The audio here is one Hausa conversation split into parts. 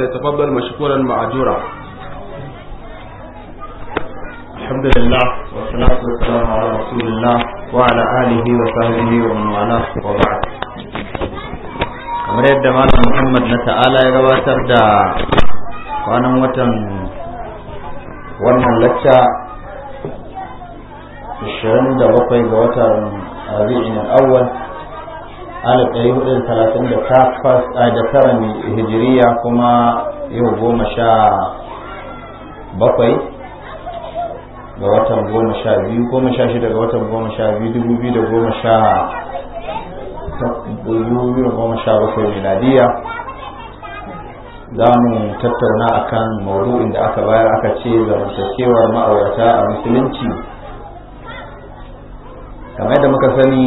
يتفضل مشكورا معجورا الحمد لله والصلاة والسلام على رسول الله وعلى آله وصحبه ومن والاه وبعد kamar yadda malam Muhammad na ta'ala ya gabatar da kwanan watan wannan lacca 27 ga watan Rabi'in al alif ɗari hudu da talatin da takwas da tara hijiriya kuma yau goma sha bakwai ga watan goma sha biyu goma sha shida ga watan goma sha biyu dubu biyu da goma sha dubu biyu da goma sha bakwai miladiya za mu tattauna akan maudu'in da aka bayar aka ce zamantakewar ma'aurata a musulunci kamar yadda muka sani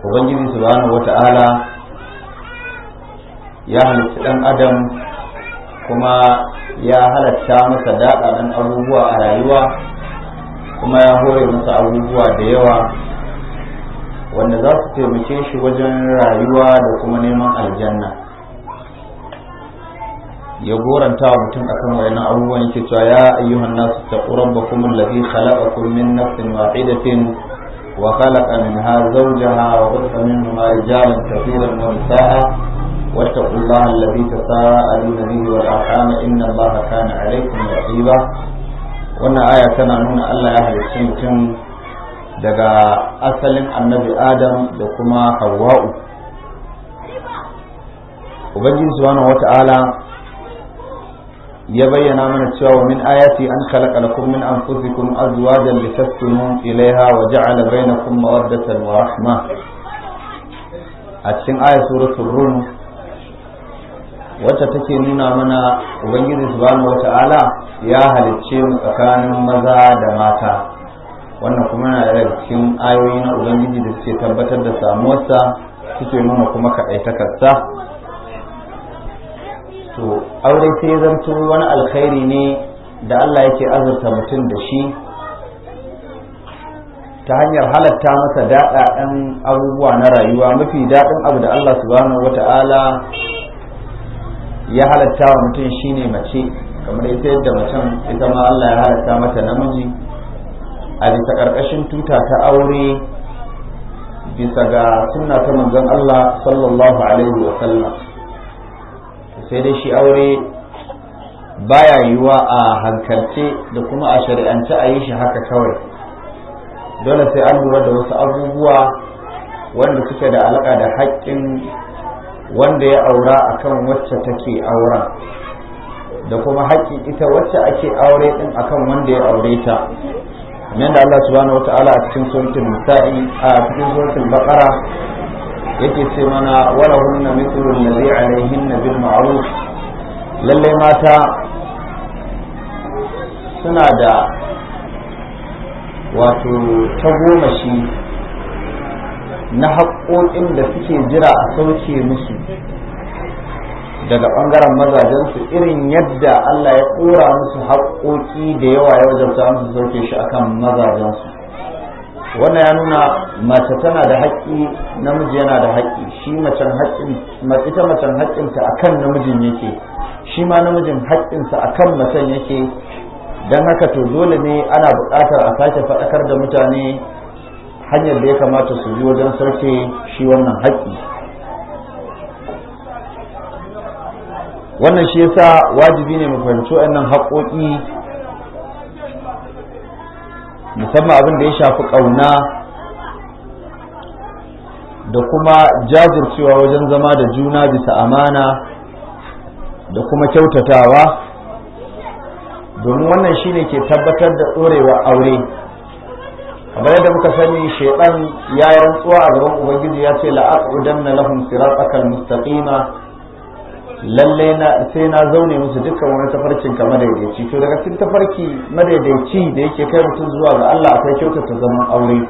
ubangiji subhanahu wata'ala ya halitta ɗan adam kuma ya halatta masa daɗaɗan abubuwa a rayuwa kuma ya hore masa abubuwa da yawa wanda za su taimake shi wajen rayuwa da kuma neman aljanna ya goranta wa mutum kan wayannan abubuwan yake cewa ya ayyuhan nasu taqu rabbakum allazi khalaqakum min nafsin wahidatin وخلق منها زوجها وبث منهما رجالا كثيرا ونساء واتقوا الله الذي تساءلون به والارحام ان الله كان عليكم رقيبا wannan aya tana nuna Allah ya halicci mutum daga asalin annabi Adam da kuma Hawwa'u Ubangiji subhanahu ya bayyana mana cewa wa min ayati an khalaqa lakum min anfusikum azwajan litaskunu ilaiha wa ja'ala bainakum mawaddatan wa rahma a cikin ayat suratul rum wacce take nuna mana ubangiji subhanahu ta'ala ya halicce mu tsakanin maza da mata wannan kuma yana da cikin ayoyin na ubangiji da suke tabbatar da samuwarsa suke nuna kuma kaɗaitakarsa to aure sai zanto wani alkhairi ne da Allah yake azurta mutum da shi ta hanyar halatta masa daɗaɗen abubuwa na rayuwa mafi daɗin abu da Allah subhanahu wata'ala ya halatta wa mutum shine mace kamar ita yadda macen ita ma Allah ya halatta mata namiji a bisa ƙarƙashin tuta ta aure bisa ga suna ta manzon Allah sallallahu alaihi wa sallam sai dai shi aure baya yiwuwa a hankalce da kuma a shari'ance a yi shi haka kawai dole sai an lura da wasu abubuwa wanda suke da alaƙa da haƙƙin wanda ya aura a kan wacce take auren da kuma haƙƙin ita wacce ake aure ɗin a kan wanda ya aure ta nan da Allah subhanahu ta'ala a cikin suratul nisa'i a cikin suratul baqara yake ce mana walahunna mithlu allazi alaihinna bil ma'ruf lalle mata suna da wato tagomashi na haƙoƙin da suke jira a sauke musu daga ɓangaren mazajensu irin yadda Allah ya ƙura musu haƙoƙi da yawa ya wajabta musu sauke shi akan mazajensu wannan ya nuna mace tana da haƙƙi namiji yana da haƙƙi shi macen haƙƙin ita macen haƙƙinta akan namijin yake shi ma namijin haƙƙinsa akan macen yake don haka to dole ne ana buƙatar a sake faɗakar da mutane hanyar da ya kamata su yi wajen sauke shi wannan haƙƙi wannan shi yasa wajibi ne mu fahimci waɗannan haƙoƙi musamman abin da ya shafi ƙauna da kuma jajircewa wajen zama da juna bisa amana da kuma kyautatawa domin wannan shine ke tabbatar da ɗorewa aure kamar yadda muka sani shaidan ya yi rantsuwa a gaban ubangiji ya ce na la'aqudanna lahum siratakal mustaqima lalle na sai na zaune musu dukkan wani tafarkin ka madaidaici to daga cikin tafarki madaidaici da yake kai mutum zuwa ga Allah akwai kyautata zaman aure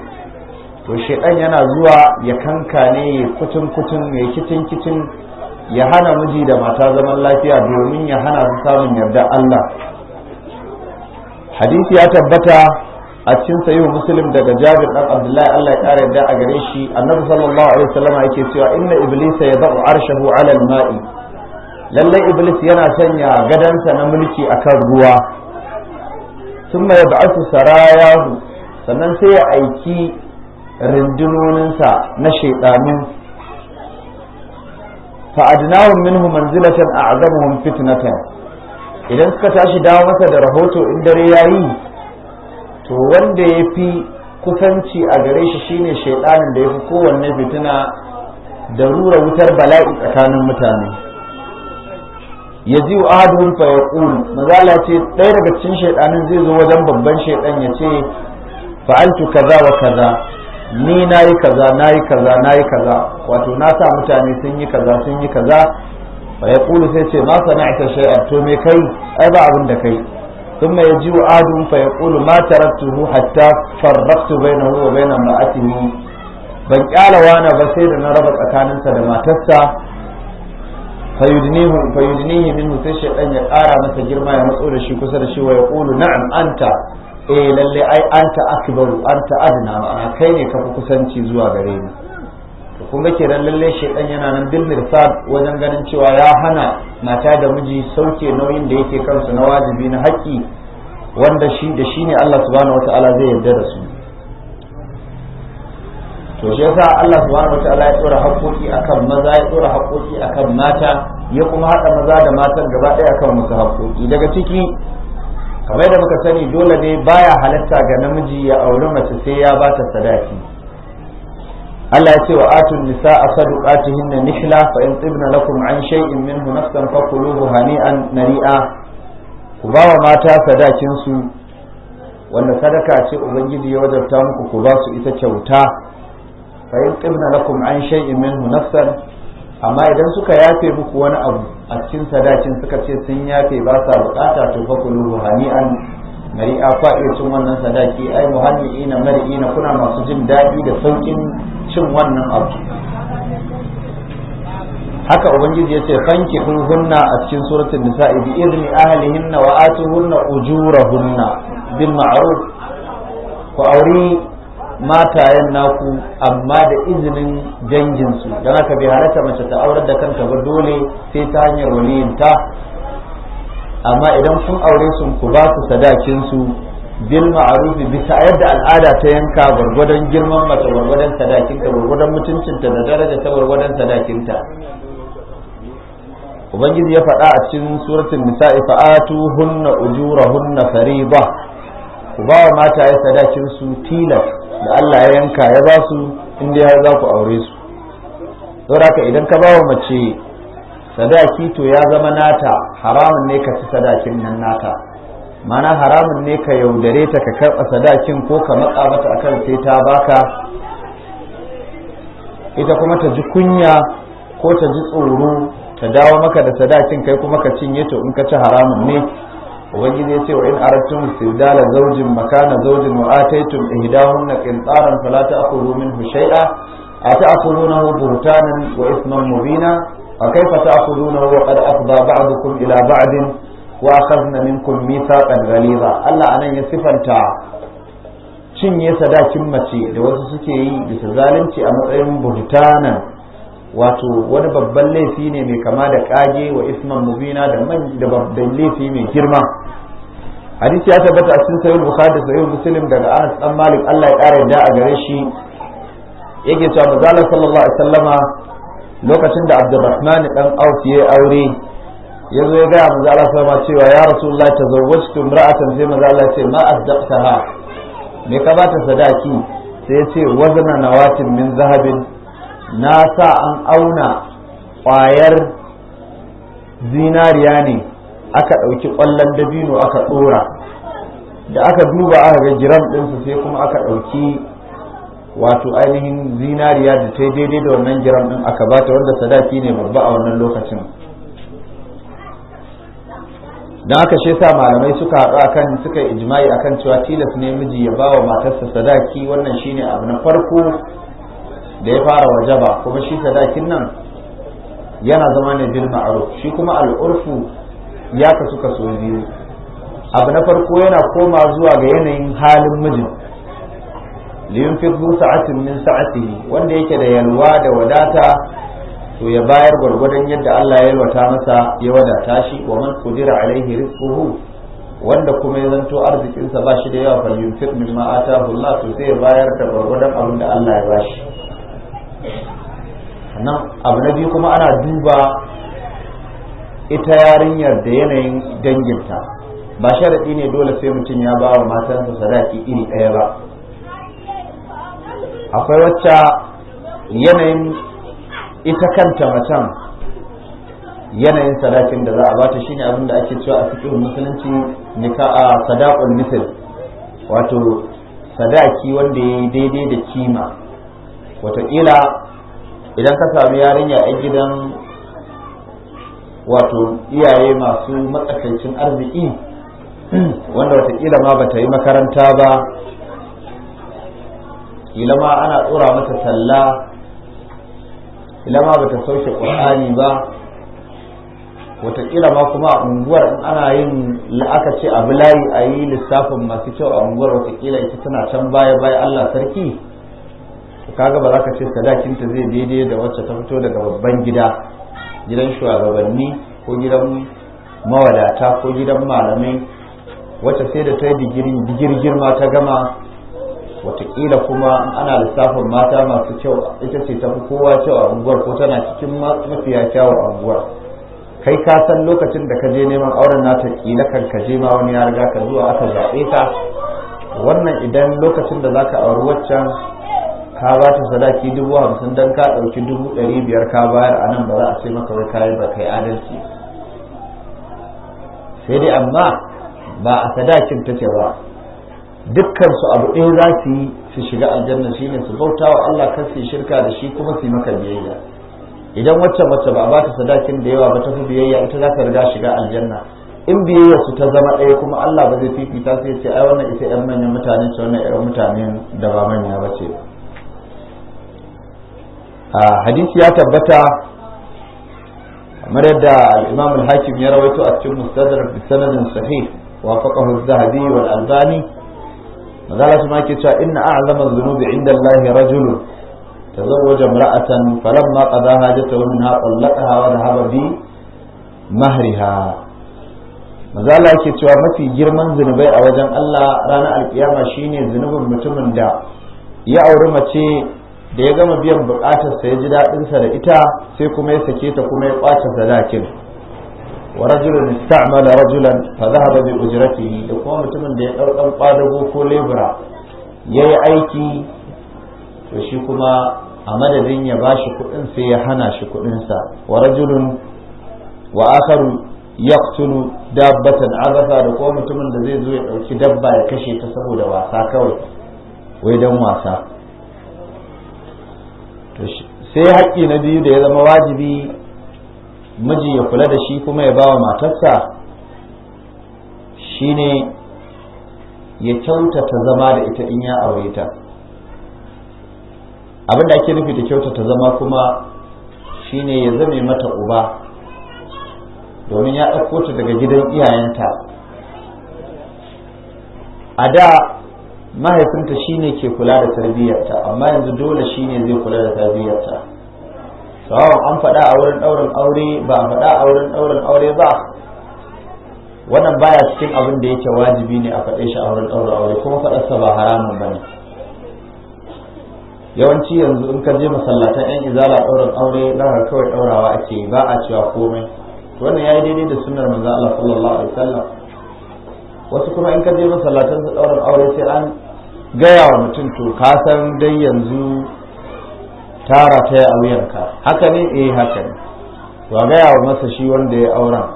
to shedan yana zuwa ya kankane ya kutun kutun ya kitin kitin ya hana miji da mata zaman lafiya domin ya hana su samun yarda Allah hadisi ya tabbata a cikin sayyid muslim daga jabir dan abdullahi Allah ya kare yarda a gare shi annabi sallallahu alaihi wasallam yake cewa inna iblisa yad'u arshahu ala al-ma'i lallai iblis yana sanya gadansa na mulki akan ruwa sun mai ba'asu sarayahu sannan sai ya aiki rundunoninsa na shaidanin fa'adnahum minhu manzilatan a'zamuhum fitnatan idan suka tashi dawo masa da rahoto in dare yayi to wanda ya fi kusanci a gare shi shine shaidanin da ya fi kowanne fitina da rura wutar bala'i tsakanin mutane wa ahadun fa yaqul mazala ce ɗaya daga cikin shaidanin zai zo wajen babban shaidan ya ce fa'altu kaza wa kaza ni nayi kaza nayi kaza nayi kaza wato na sa mutane sun yi kaza sun yi kaza fa yaqulu sai ce ma sana'ta shay'an to me kai ai ba abin da kai ثم يجيء عاد فيقول ما تركته حتى فرقت بينه وبين امرأته ban kyala wani ba sai da na raba tsakaninsa da matarsa fayudnihu fayudnihi min sai shaytan ya ƙara masa girma ya matso da shi kusa da shi wa ya qulu na'am anta eh lalle ai anta akbaru anta adna ma'ana kai ne kafi kusanci zuwa gare ni to kun ga kenan lalle shaytan yana nan bil mirsad wajen ganin cewa ya hana mata da miji sauke nauyin da yake kansu na wajibi na haƙƙi wanda shi da shi ne Allah subhanahu wataala zai yarda da su to shi yasa Allah subhanahu wataala ya tsora haƙoƙi akan maza ya tsora haƙoƙi akan mata ya kuma haɗa maza da matan gaba ɗaya akan musu haƙoƙi daga ciki kamar da muka sani dole ne baya halatta ga namiji ya auri mace sai ya ba ta sadaki Allah ya ce wa atun nisa a na nihla fa in tibna lakum an shay'in minhu nafsan kuluhu hani'an nari'a ku ba wa mata sadakin su wanda sadaka ce ubangiji ya wajabta muku ku ba su ita kyauta fa yuqibna lakum an shay'in minhu nafsan amma idan suka yafe muku wani abu a cikin sadakin, suka ce sun yafe ba sa bukata to fa kulu hani'an mari'a fa cin wannan sadaki ai mari ina? kuna masu jin daɗi da saukin cin wannan abu haka ubangiji ya yace fanki hunna a cikin suratul nisa'i bi idni ahlihinna wa atuhunna ujurahunna bil ma'ruf ku auri matayen naku amma da izinin danginsu don haka bai halarta mace ta aurar da kanta ba dole sai ta hanyar waliyinta amma idan kun aure su ku ba su sadakinsu bil ma'arufi bisa yadda al'ada ta yanka gwargwadon girman mace gwargwadon sadakinta gwargwadon mutuncinta da daraja ta gwargwadon sadakinta ubangiji ya faɗa a cikin suratul nisa'i fa'atu hunna ujurahunna fariba ku ba wa mataye sadakin su tilas da Allah ya yanka ya ba su inda har za ku aure su saboda idan ka bawa mace sadaki to ya zama nata haramun ne ka ci sadakin nan nata mana haramun ne ka yaudare ta ka karɓa sadakin ko ka matsa mata akan sai ta baka ita kuma ta ji kunya ko ta ji tsoro ta dawo maka da sadakin kai kuma ka cinye to in ka ci haramun ne ubangiji ya ce wa in aradtum istibdala zaujin makana zaujin wa ataytum ihdahunna qintaran fala ta'khudhu minhu shay'a ata'khudhunahu buhtanan wa ithman mubina wa kayfa ta'khudhunahu wa qad afdha ba'dukum ila ba'din wa akhadna minkum mithaqan ghaliza Allah anan ya sifanta cinye sadakin mace da wasu suke yi bisa zalunci a matsayin buhtanan wato wani babban laifi ne mai kama da kage wa isman mubina da man da babban laifi mai girma hadisi ya tabbata a cikin sahih bukhari da sahih muslim daga Anas dan Malik Allah ya kare da a gare shi yake cewa manzo sallallahu alaihi wasallama lokacin da Abdurrahman dan Auf ya aure ya zo ya ga manzo Allah cewa ya rasulullahi tazawwajtu imra'atan sai manzo Allah ce ma asdaqtaha me ka ta sadaki sai ya ce wazna nawatin min zahabin na sa an auna ƙwayar zinariya ne aka ɗauki ƙwallon dabino aka ɗora da aka duba aka ga giram ɗinsu sai kuma aka ɗauki wato ainihin zinariya da ta daidai da wannan jiran ɗin aka bata wanda sadaki ne babba a wannan lokacin don aka shi sa malamai suka haɗu akan suka ijma'i akan cewa tilas ne miji ya ba wa matarsa sadaki wannan shine abu na farko da ya fara wajaba kuma shi sadakin nan yana zama ne bil ma'ruf shi kuma al'urfu ya kasu kaso biyu abu na farko yana koma zuwa ga yanayin halin mijin liyun fi sa'atin min sa'atihi wanda yake da yalwa da wadata to ya bayar gwargwadon yadda Allah ya yalwata masa ya wadata shi wa man qudira alaihi rizquhu wanda kuma ya zanto arzikinsa ba shi da yawa fa yunfiq mimma atahu Allah to sai ya bayar da gwargwadon abin da Allah ya bashi sannan abu na biyu kuma ana duba ita yarinyar da yanayin danginta ba sharaɗi ne dole sai mutum ya ba wa matansa sadaki iri ɗaya ba akwai wacce yanayin ita kanta macen yanayin sadakin da za a bata shine abin da ake cewa a cikin musulunci nika a sadaqul misl wato sadaki wanda ya yi daidai da kima wataƙila idan ka sami yarinya a gidan wato iyaye masu matsakaicin arziki wanda watakila ma bata yi makaranta ba kila ma ana tsora mata talla kila ma bata sauke ƙur'ani ba watakila ma kuma a unguwar in ana yin la'aka ce abu layi a yi lissafin masu kyau a unguwar wataƙila ita tana can baya baya allah sarki to kaga ba za ka ce sadakinta zai daidai da wacce ta fito daga babban gida gidan shugabanni ko gidan mawadata ko gidan malamai wacce sai da ta yi digirin girma ta gama watakila kuma ana lissafin mata masu kyau ita ce ta fi kowa kyau a unguwar ko tana cikin mafiya kyawu a unguwar kai ka san lokacin da ka je neman auren nata kila kan ka je ma wani ya riga ka zuwa aka zaɓe ka wannan idan lokacin da za ka auri waccan ka ba ta sadaki dubu hamsin don ka ɗauki dubu ɗari biyar ka bayar a nan ba za a ce maka wai kayi ba kai adalci sai dai amma ba a sadakin take ba dukkan su abu ɗaya za su yi su shiga aljanna shi ne su bauta wa Allah kan su shirka da shi kuma su yi maka biyayya idan wacce mace ba a ta sadakin da yawa ba ta fi biyayya ita za ta riga shiga aljanna in biyayya su ta zama ɗaya kuma Allah ba zai fifita sai ya ce ai wannan ita 'yan manyan mutane ce wannan ƴan mutane da ba manya ba ce hadisi ya tabbata kamar yadda al-imam al-hakim ya rawaito a cikin mustadrak bi sanadin sahih wa faqahu az-zahabi wal albani magana su ma cewa inna a'zama dhunubi 'inda Allah rajulun falamma امرأة فلما minha qallaqaha wa dhahaba bi mahriha mazala yake cewa mafi girman zunubai a wajen Allah ranar alkiyama shine zunubin mutumin da ya auri mace da ya gama biyan bukatarsa ya ji daɗinsa da ita sai kuma ya sake ta kuma ya kwace sadakin wa rajulun ista'mala rajulan fa dhahaba bi ujratihi da kuma mutumin da ya dau kwadago ko lebura yayi aiki to shi kuma a madadin ya bashi kuɗin sai ya hana shi kuɗin sa wa rajulun wa akharu yaqtulu dabbatan azafa da kuma mutumin da zai zo ya dauki dabba ya kashe ta saboda wasa kawai wai dan wasa sai haƙƙi na biyu da ya zama wajibi miji ya kula da shi kuma ya bawa matarsa shi ne ya kyautata zama da ita in ya aure ta abin da ake nufi da kyautata zama kuma shi ne ya zame mata uba domin ya ɗauko ta daga gidan iyayenta a da mahaifinta shine ke kula da tarbiyyarta amma yanzu dole shine zai kula da tarbiyyarta sawa an faɗa a wurin ɗaurin aure ba a faɗa a wurin ɗaurin aure ba wannan baya cikin abin da yake wajibi ne a faɗe shi a wurin ɗaurin aure kuma faɗarsa ba haramun ba ne yawanci yanzu in ka je masallatan yan izala ɗaurin aure za kawai ɗaurawa ake yi, ba a cewa komai wannan ya yi daidai da sunar manzo Allah sallallahu alaihi wasu kuma in ka je masallatan su ɗaurin aure sai an gaya wa mutum to ka san dai yanzu tara ta yi a ka, haka ne eh haka ne wa gaya wa masa shi wanda ya auren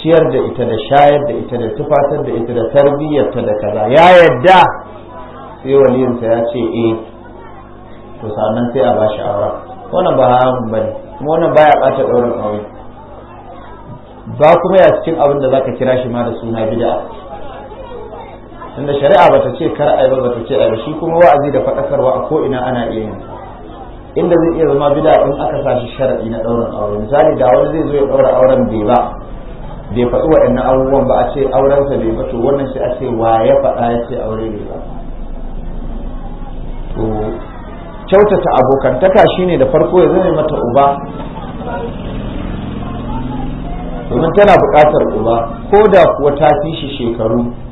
ciyar da ita da shayar da ita da tufatar da ita da tarbiyyarta da kaza ya yadda sai waliyinsa ya ce eh to sannan sai a bashi aura wannan ba haramun bane kuma wannan baya bata ɗaurin aure ba kuma ya cikin abin da zaka kira shi ma da suna bid'a tunda shari'a bata ce kar ai ba bata ce ai ba shi kuma wa'azi da faɗakarwa a ko ina ana iya yin inda zai iya zama bid'a in aka sa shi shar'i na ɗaurin aure misali da wani zai zo ya ɗaura auren bai ba bai faɗi waɗannan abubuwan ba a ce aurensa bai ba to wannan sai a ce wa ya faɗa ya ce aure bai ba to kyautata abokantaka shine da farko ya zama mata uba domin tana buƙatar uba ko da kuwa ta fi shi shekaru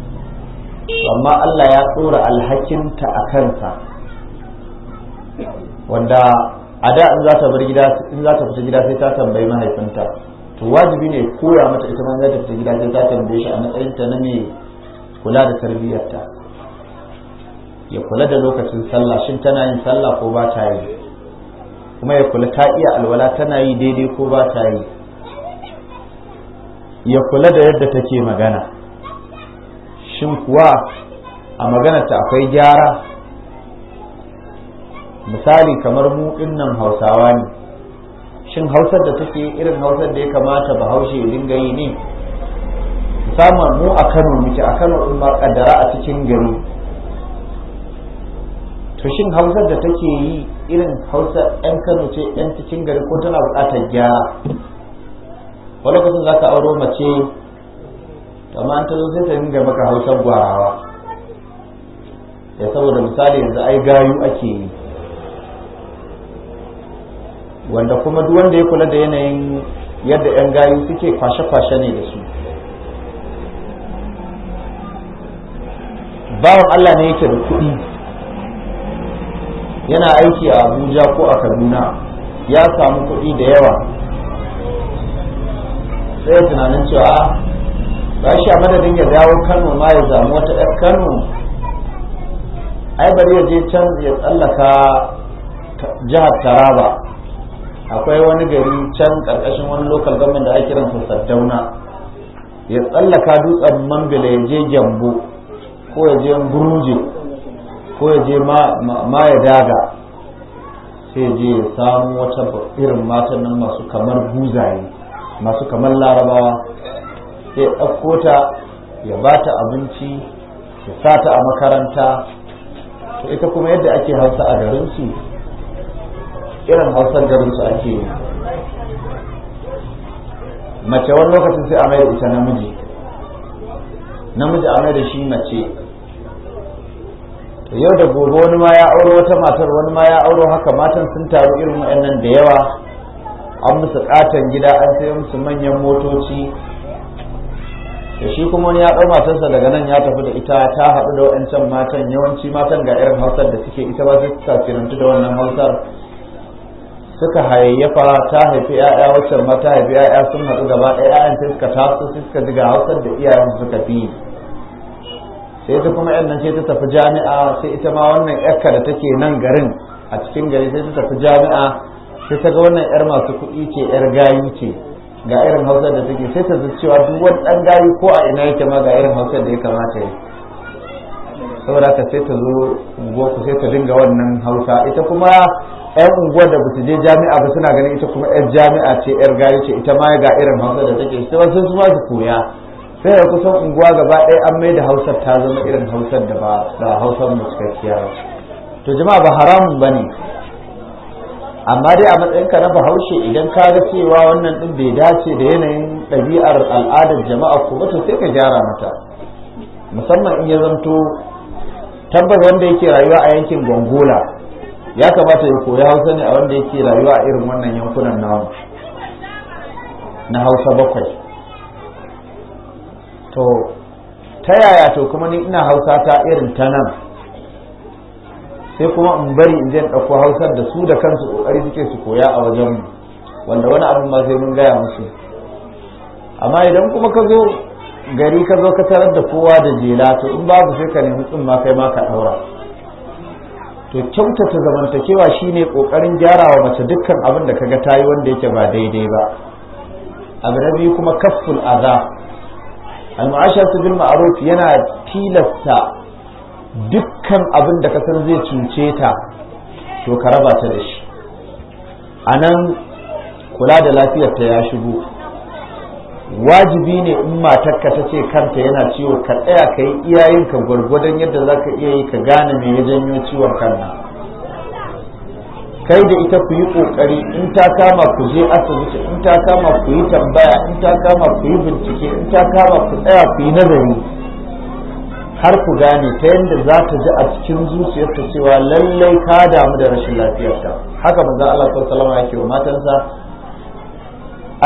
amma Allah ya tsora alhakinta a kansa wanda a da in za ta bar gida in za ta fita gida sai ta tambayi mahaifinta to wajibi ne koya mata ita ma za ta fita gida sai ta tambaye shi a matsayinta na mai kula da tarbiyyarta ya kula da lokacin sallah shin tana yin sallah ko ba ta yi kuma ya kula ta iya alwala tana yi daidai ko ba ta yi ya kula da yadda take magana shin kuwa a maganarta akwai gyara misali kamar mu nan hausawa ne shin hausar da take irin hausar da ya kamata bahaushe ya dinga yi ne musamman mu a kano muke a kano in ba kaddara a cikin gari to shin hausar da take yi irin hausar yan kano ce yan cikin gari ko tana buƙatar gyara wani kusan za ka auro mace amma an tazo sai ta dinga maka hausar gwarawa ya saboda misali yanzu ai gayu ake yi wanda kuma duk wanda ya kula da yanayin yadda 'yan gayu suke kwashe-kwashe ne da su bawan Allah ne yake da kuɗi yana aiki a Abuja ko a Kaduna ya samu kuɗi da yawa sai tunanin cewa ah, ba shi a madadin ya dawo kano ma ya zamu wata ɗan kano ai bari ya je can ya tsallaka jihar taraba akwai wani gari can ƙarƙashin wani lokal government da ake su sardauna ya tsallaka dutsen mambila ya je gyambo ko ya je guruje ko ya je ma ya daga sai je ya samu wata irin matan nan masu kamar buzaye masu kamar larabawa sai ɗauko ta ya ba ta abinci ya sa ta a makaranta to ita kuma yadda ake hausa a garinsu irin hausar garinsu ake yi mace wani lokacin sai a mai da ita namiji namiji a mai da shi mace to yau da gobe wani ma ya auro wata matar wani ma ya auro haka matan sun taru irin waɗannan da yawa an musu katon gida an sayo musu manyan motoci shi kuma wani ya ɗau matarsa daga nan ya tafi da ita ta haɗu da wa'ancan matan yawanci matan ga irin hausar da suke ita ba su da wannan hausar suka hayayyafa ta haifi ‘ya'ya waccan ma ta haifi ‘ya'ya sun haɗu gaba ɗaya ‘ya'yan sai suka taso suka ji ga hausar da iyayen suka fi sai ta kuma ‘yan nan sai ta tafi jami'a sai ita ma wannan ‘yarka da take nan garin a cikin gari sai ta tafi jami'a sai ta ga wannan ‘yar masu kuɗi ce ‘yar gayu ce ga irin hausar da take sai ta zai cewa duk wani dan gari ko a ina yake ma ga irin hausar da ya kamata ya saboda ka sai ta zo unguwa ku sai ta dinga wannan hausa ita kuma yan unguwa da basu je jami'a ba suna ganin ita kuma yar jami'a ce yar gari ce ita ma ga irin hausar da take ita wasu su ma su koya sai da kusan unguwa gaba ɗaya an mai da hausar ta zama irin hausar da ba hausar mu cikakkiya to jama'a ba haramun ba ne amma dai a matsayinka na bahaushe idan ka ga cewa wannan din bai dace da yanayin ɗabi'ar al'adar jama'a ko wata sai ka gyara mata musamman in ya zanto tabbas wanda yake rayuwa a yankin gongola ya kamata ya koyi hausa ne a wanda yake rayuwa a irin wannan yankunan na hausa bakwai to ta yaya to kuma ni ina hausa ta irin ta nan sai kuma in bari in je in ɗauko hausar da su da kansu ƙoƙari suke su koya a wajen mu wanda wani abin ma sai mun gaya musu amma idan kuma ka zo gari ka zo ka tarar da kowa da jela to in babu sai ka nemi ma kai ma ka ɗaura to kyautata zamantakewa shine ƙoƙarin gyarawa mace dukkan abin da kaga tayi wanda yake ba daidai ba abu na biyu kuma kafful aza al-mu'ashatu bil ma'ruf yana tilasta dukkan abin da san zai cuce ta to ka raba ta da shi a nan kula da lafiyar ta ya shigo wajibi ne in matarka ta ce kanta yana ciwo ka tsaya ka yi ka gwargwadon yadda za ka iya yi ka gane mai ya janyo ciwon kanna kai da ita ku yi kokari in ta kama ku je asibiti in ta kama ku yi tambaya in ta kama ku yi bincike in ta kama ku tsaya ku yi nazari har ku gane ta yadda za ta ji a cikin zuciyarta cewa lallai ka damu da rashin lafiyarta haka manzon Allah sallallahu Salama yake wa matansa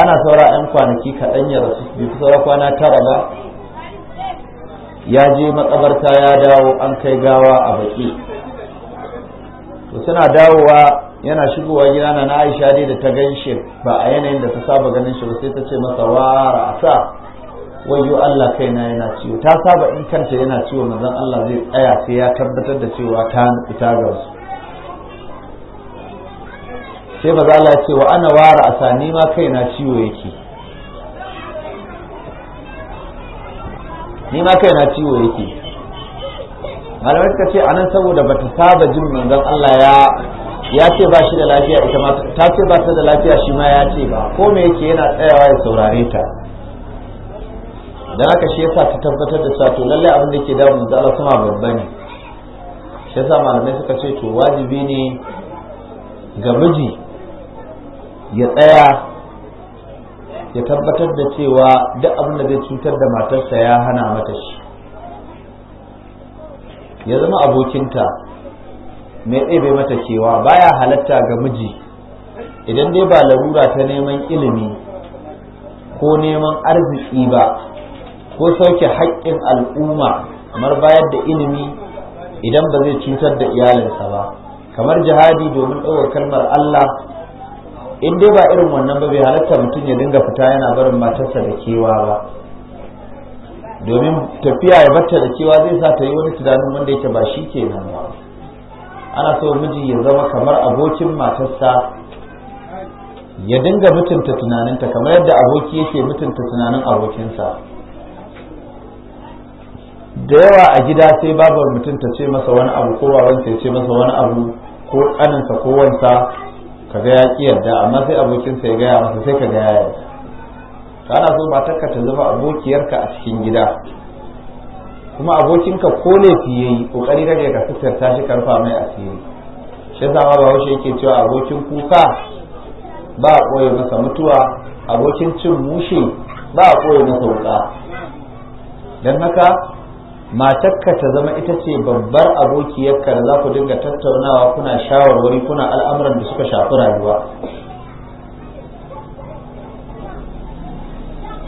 ana saura 'yan kwanaki kaɗan ya rasu bai fi saura kwana tara ba ya je makabarta ya dawo an kai gawa a baki to suna dawowa yana shigowa gida na Aisha dai da ta ganshi ba a yanayin da ta saba ganin shi ba sai ta ce masa wara sa wayo Allah kaina yana ciwo ta saba in kanta yana ciwo manzon Allah zai tsaya sai ya tabbatar da cewa ta fita ga su sai ba za ya ce wa ana wara a sani ma kaina ciwo yake ni ma kaina ciwo yake malamai suka ce anan saboda bata saba jin manzon Allah ya ya ce ba shi da lafiya ita ma ta ce ba ta da lafiya shi ma ya ce ba ko me yake yana tsayawa ya saurare ta don haka shi yasa ta tabbatar da cewa to lallai abin da ke damun da Allah kuma babba ne shi yasa malamai suka ce to wajibi ne ga miji ya tsaya ya tabbatar da cewa duk abin da zai cutar da matarsa ya hana mata shi ya zama abokinta mai ɗebe mata cewa baya halatta ga miji idan dai ba larura ta neman ilimi ko neman arziki ba ko sauke haƙƙin al'umma kamar bayar da ilimi idan ba zai cutar da iyalinsa ba kamar jihadi domin ɗaukar kalmar Allah in dai ba irin wannan ba bai halatta mutum ya dinga fita yana barin matarsa da kewa ba domin tafiya ya barta da kewa zai sa ta yi wani tunanin wanda yake ba shi nan ba ana so miji ya zama kamar abokin matarsa ya dinga mutunta tunaninta kamar yadda aboki yake mutunta tunanin abokinsa da yawa a gida sai babar mutum ta ce masa wani abu ko babansa ce masa wani abu ko kaninsa ko wansa ka ga ya ki yarda amma sai abokinsa ya gaya masa sai ka ga ya yarda kana so takka ta zama abokiyarka a cikin gida kuma abokinka ko laifi ya yi kokari rage ka fitarta shi karfa mai asiri shi yasa ba bahaushe yake cewa abokin kuka ba a koya masa mutuwa abokin cin mushe ba a koya masa wuka don haka matakka ta zama ita ce babbar abokiyarka da za ku dinga tattaunawa kuna shawarwari kuna al'amuran da suka shafi rayuwa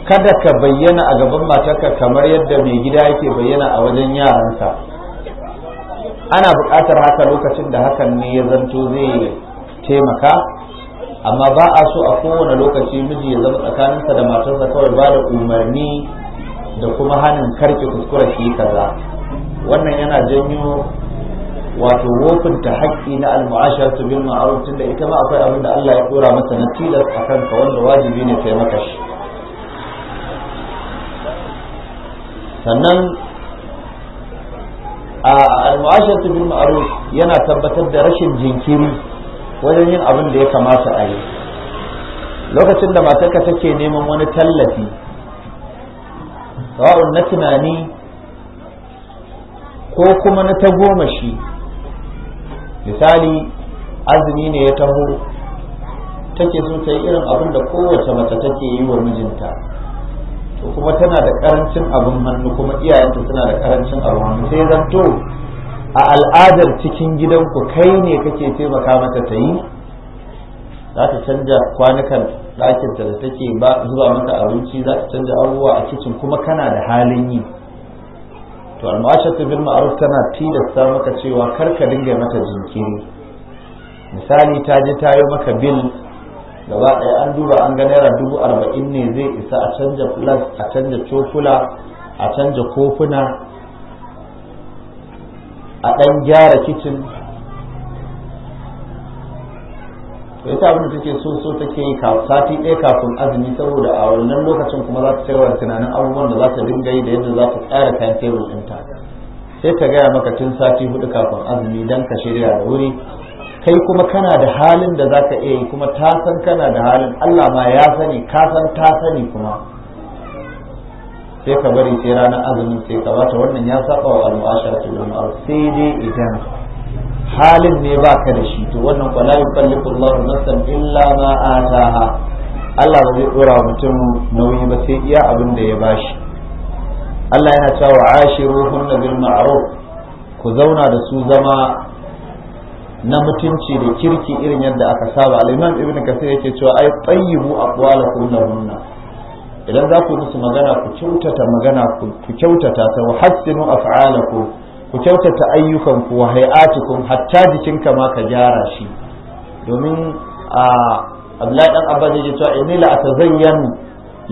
kada ka bayyana a gaban matakka kamar yadda mai gida yake bayyana a wajen yaransa ana buƙatar haka lokacin da hakan ne ya zanto zai taimaka amma ba a so a kowane lokaci miji ya zama tsakaninsa da matarsa kawai ba da umarni da kuma hanin karki kuskura shi kaza wannan yana janyo wato wofinta haƙƙi na al su bin ma'ruf tunda ita ma akwai abin da Allah ya dora masa na tilas a kanka wanda wajibi ne kai maka shi sannan a al su bin yana tabbatar da rashin jinkiri wajen yin abin da ya kamata a yi lokacin da matarka take neman wani tallafi sawa'un na tunani ko kuma na ta goma shi, misali azumi ne ya taho take so ta yi irin abin da kowace mace take yi wa mijinta to kuma tana da karancin abin hannu kuma iyayenta suna da karancin abin hannu sai zanto a al'adar cikin gidanku kai ne kake taimaka mata ta yi za ta canja kwanukan ɗakin da take ba zuba maka abinci za ta canza abubuwa a kicin kuma kana da halin yi to ta bin ma'aruf tana tilasta maka cewa kar ka dinga mata jinkiri misali ta je ta yi maka bil gaba ɗaya an duba an ga naira dubu arba'in ne zai isa a canja plus a canja cokula a canja kofuna a ɗan gyara kicin to ita abin da take so so take yi sati ɗaya kafin azumi saboda a wannan lokacin kuma za ta tsayar da tunanin abubuwan da za ta dinga yi da yadda za ta tsara kayan tebur ɗinta sai ta gaya maka tun sati hudu kafin azumi dan ka shirya da wuri kai kuma kana da halin da zaka iya yi kuma ta san kana da halin Allah ma ya sani ka san ta sani kuma sai ka bari sai ranar azumin sai ka bata wannan ya saba wa al'ashar al-sidi idan halin ne ba ka da shi to wannan kwalli kullum na san illa ma taha? Allah ba zai dora wa mutum nauyi ba sai iya abin da ya bashi Allah yana cewa na bil ma'ruf ku zauna da su zama na mutunci da kirki irin yadda aka saba al-Imam Ibn Kathir yake cewa ai tayyibu aqwalakum lahunna idan za ku musu magana ku kyautata magana ku kyautata ta wa hassinu af'alakum ku kyautata ayyukanku wa hay'atukum hatta ka ma ka gyara shi domin a Abdullahi dan Abba ne cewa inni la atazayyanu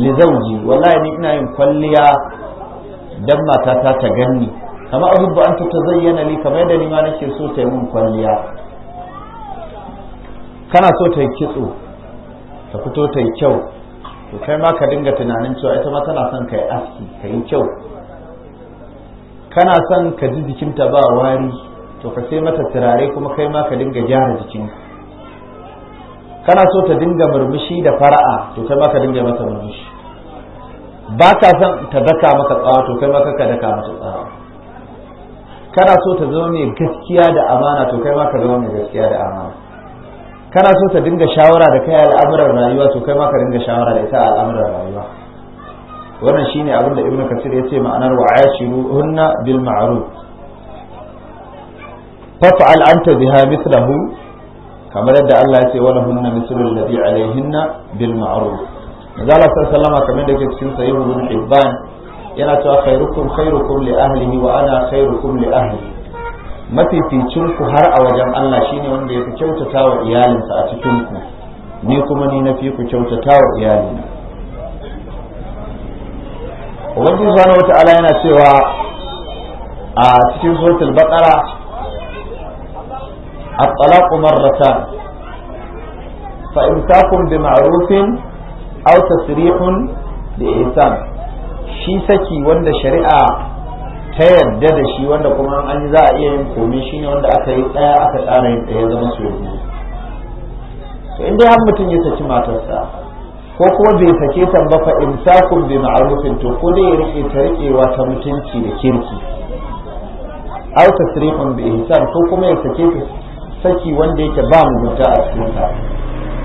li zawji wallahi ni ina yin kwalliya dan matata ta ganni kama abubu an tazayyana li kamar yadda ni ma nake so ta yi min kwalliya kana so ta yi kitso ta fito ta yi kyau to kai ma ka dinga tunanin cewa ita ma tana son ka yi aski ka yi kyau kana son ka ji jikinta ba wari to ka sai mata turare kuma kai ma ka dinga gyara jikinka kana so ta dinga murmushi da fara'a to kai ma ka dinga mata murmushi ba ka son ta daka maka tsawa to kai ma ka daka mata tsawa kana so ta zama mai gaskiya da amana to kai ma ka zama mai gaskiya da amana kana so ta dinga shawara da kai al'amuran rayuwa to kai ma ka dinga shawara da ita al'amuran rayuwa wannan shine abin da ibnu kasir ya ce ma'anar wa ashiruhunna bil ma'ruf faf'al anta biha mithlahu kamar yadda Allah ya ce wa lahunna mithlu alladhi alayhinna bil ma'ruf manzo Allah sallallahu kamar da yake cikin sahihu ibn Hibban yana cewa khairukum khairukum li ahlihi wa ana khairukum li ahli mafificin ku har a wajen Allah shine wanda ya fi kyautata wa iyalinsa a cikin ku ni kuma ni na fi ku kyautata wa iyalina ubangiji wata wata'ala yana cewa a cikin suratul baqara a talaqu marratan fa imsakun bi ma'rufin aw tasrihun shi saki wanda shari'a ta yadda da shi wanda kuma an za a iya yin shi ne wanda aka yi tsaya aka tsara yin tsaye zama su yi to in dai har mutum ya saki matarsa ko kuma bai sake ta ba fa imsakun bi ma'rufin to ko dai rike ta rikewa ta mutunci da kirki aw tasrifun bi ihsan ko kuma ya sake ta saki wanda yake ba mugunta a cikin ta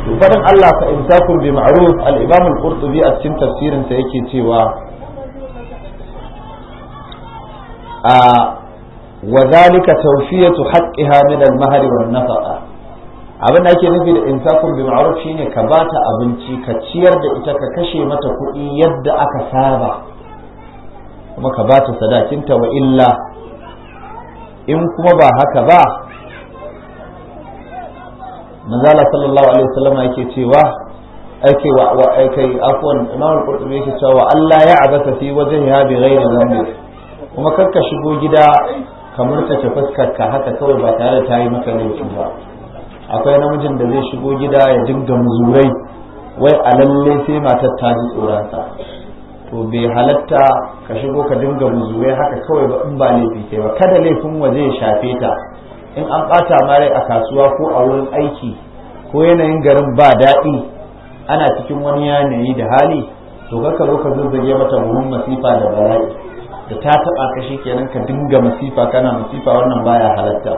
to fadan Allah fa imsakun bi ma'ruf al-imam al-qurtubi a cikin tafsirin ta yake cewa a وذلك توفية حقها من المهر والنفقة abin da ake nufi da insafin bi ma'ruf shine ka ba ta abinci ka ciyar da ita ka kashe mata kuɗi yadda aka saba kuma ka bata sadakinta wa illa in kuma ba haka ba manzala sallallahu alaihi wasallam yake cewa ake wa wa ake afwan imam qurtubi yake cewa Allah ya abasa fi wajhiha bi ghairi dhanbi kuma karka shigo gida ka murtace fuskar ka haka kawai ba tare da ta yi maka laifi ba akwai namijin da zai shigo gida ya dinga muzurai wai a lalle sai matar ta ji tsoronsa to bai halatta ka shigo ka dinga muzurai haka kawai ba in ba laifi kai ba kada laifin waje ya shafe ta in an ɓata ma a kasuwa ko a wurin aiki ko yanayin garin ba daɗi ana cikin wani yanayi da hali to ka zo ka zazzage mata buhun masifa da bala'i da ta taɓa ka shi kenan ka dinga masifa kana masifa wannan baya halatta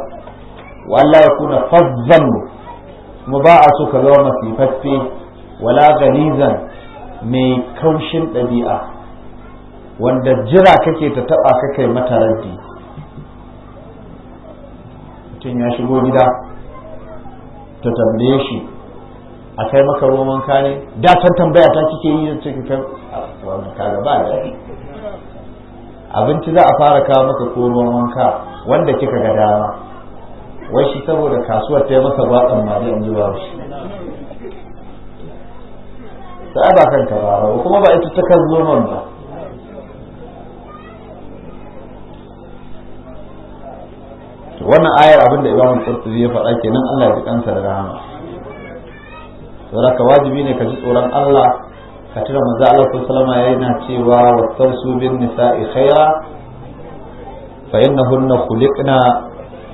wala ya kuna fazzan kuma ba a so ka zama masifaffe wala galizan mai kaushin ɗabi'a wanda jira kake ta taɓa ka kai mata raddi mutum ya shigo gida ta tambaye shi a kai maka roman kane da can tambaya ta kike yi da cikin kan wanda ka ba da abinci za a fara kawo maka ko roman wanka wanda kika ga dama wai shi saboda kasuwar ta yi masa bakan mali in ji ba shi ta ba kan ka ba kuma ba ita ta kan nan ba wannan ayar abin da imam qurtubi ya faɗa kenan Allah ya kansa da rahama saboda wajibi ne ka ji tsoron Allah ka tura manzo Allah sallallahu alaihi wasallam yana cewa wattausu bin nisa'i khaira fa innahunna khuliqna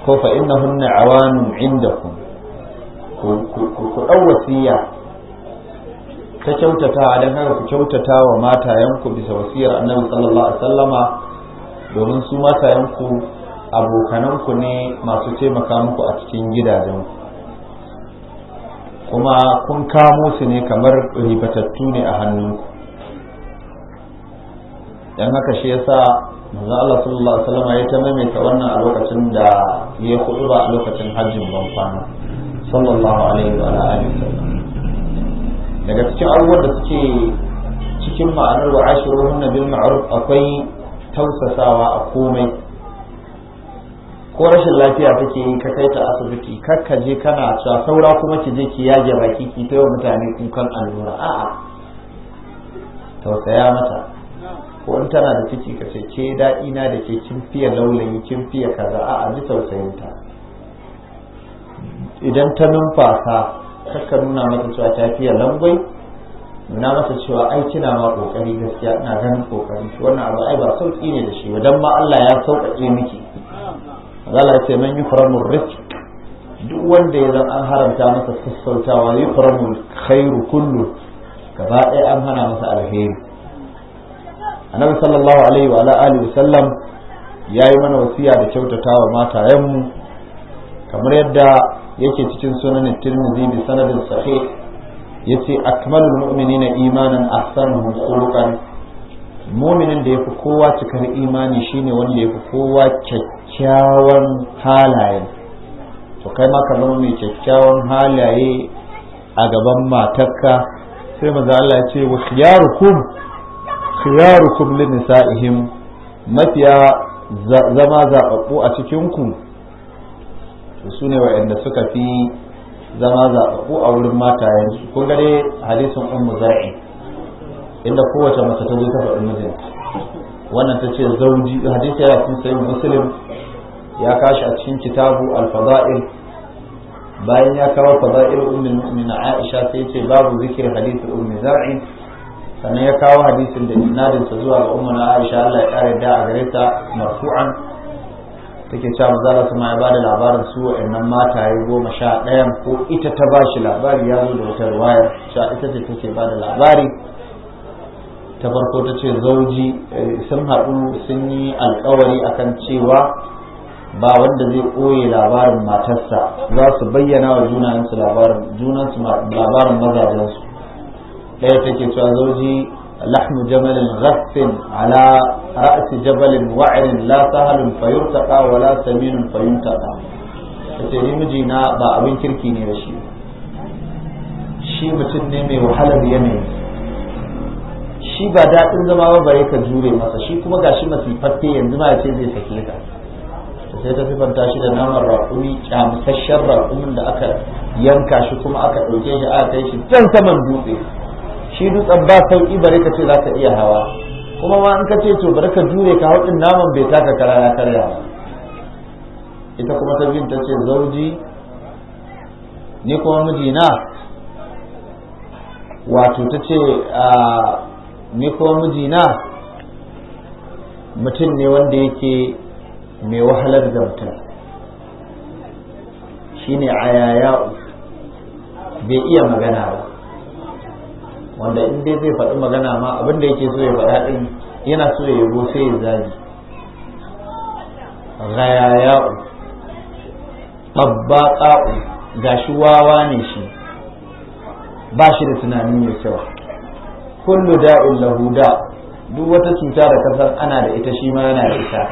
ko fa hunna awanun indakum ku ɗau wasiya ta kyautata dan haka ku kyautata wa matayenku bisa wasiyar annabi sallallahu alaihi wasallama domin su matayenku abokananku ne masu taimaka muku a cikin gidajenku kuma kun kamo su ne kamar ribatattu ne a hannunku dan haka shi yasa manzo Allah sallallahu alaihi wasallam ya ta ta wannan a lokacin da ya hudu a lokacin hajjin ban kwana sallallahu alaihi wa alihi daga cikin abubuwan da suke cikin ma'anar wa na bil ma'ruf akwai tausasawa a komai ko rashin lafiya take yi ka kai ta asibiti kakka je kana cewa saura kuma ki je ki yage baki ki kai mutane kukan allura a'a tausaya mata ko in tana da ciki ka ce ke daɗi na da ke kin fiye laulayi kin fiye kaza a ji tausayinta idan ta numfasa kakka nuna mata cewa ta fiye langwai nuna mata cewa ai kina ma kokari gaskiya ina ganin kokari wannan abu ai ba sauki ne da shi dan ma Allah ya sauƙaƙe miki Allah ce man yukramu rizq duk wanda ya zan an haramta masa sassautawa yukramu khairu kullu gaba ɗaya an hana masa alheri annabi sallallahu alaihi wa alihi sallam yayi mana wasiya da kyautata kyautatawa matayenmu kamar yadda yake cikin sunan tirmidhi bi sanadin sahih yace akmalul mu'minina imanan ahsanuhum khuluqan mu'minin da yafi kowa cikar imani shine wanda yafi kowa kyakkyawan halaye to kai ma ka zama mai kyakkyawan halaye a gaban matarka sai maza Allah ya ce wa khiyarukum khiyaru li nisa'ihim mafiya zama zaɓaɓɓu a cikinku su ne waɗanda suka fi zama zaɓaɓɓu a wurin su kun gare hadisin ummu za'i inda kowace mace ta zo ta faɗi wannan ta ce zauji hadisi ya sun sayin muslim ya kashi a cikin kitabu al bayan ya kawo fada'il ummin mu'mina aisha sai ce babu zikir hadisi ummu za'i sannan ya kawo hadisin da isnadin ta zuwa ga ummu na Aisha Allah ya kare da a gare ta marfu'an take cewa manzala kuma ya bada labarin su mata ya goma sha ɗaya ko ita ta bashi labari ya zo da wata ruwaya sha ita ce take da labari ta farko ta ce zauji eh, sun haɗu sun yi alkawari akan cewa ba wanda zai ɓoye labarin matarsa za su bayyana wa junansu labarin junansu labarin mazajensu ɗaya take cewa zauji lahmu jamalin ghassin ala ra'si jabalin wa'irin la sahalun fayurtaqa wa la saminun fayuntaqa tace ni mijina ba abin kirki ne da shi shi mutum ne mai wahalar yanayi shi ba daɗin zama ba bare ka jure masa shi kuma ga shi masifaffe yanzu ma ya ce zai sake ka sai ta sifanta shi da naman raƙumi kyamusasshen raƙumin da aka yanka shi kuma aka ɗauke shi aka kai shi can saman dutse shi dutsen ba san ibare ka ce za ka iya hawa kuma ma an ka ce to bari ka jure ka hau naman bai taka karara karya ba ita kuma ta bin ta ce zauji ni kuma mijina wato ta ce ni kuma mijina mutum ne wanda yake mai wahalar da mutum shine ayaya bai iya magana ba wanda in dai zai faɗi magana ma abin da yake so ya faɗa ɗin yana so ya yabo sai ya zagi rayaya'u u, gashi wawa ne shi ba shi da tunani mai kyau kullu da'un lahu da duk wata cuta da kasar ana da ita shi ma yana da ita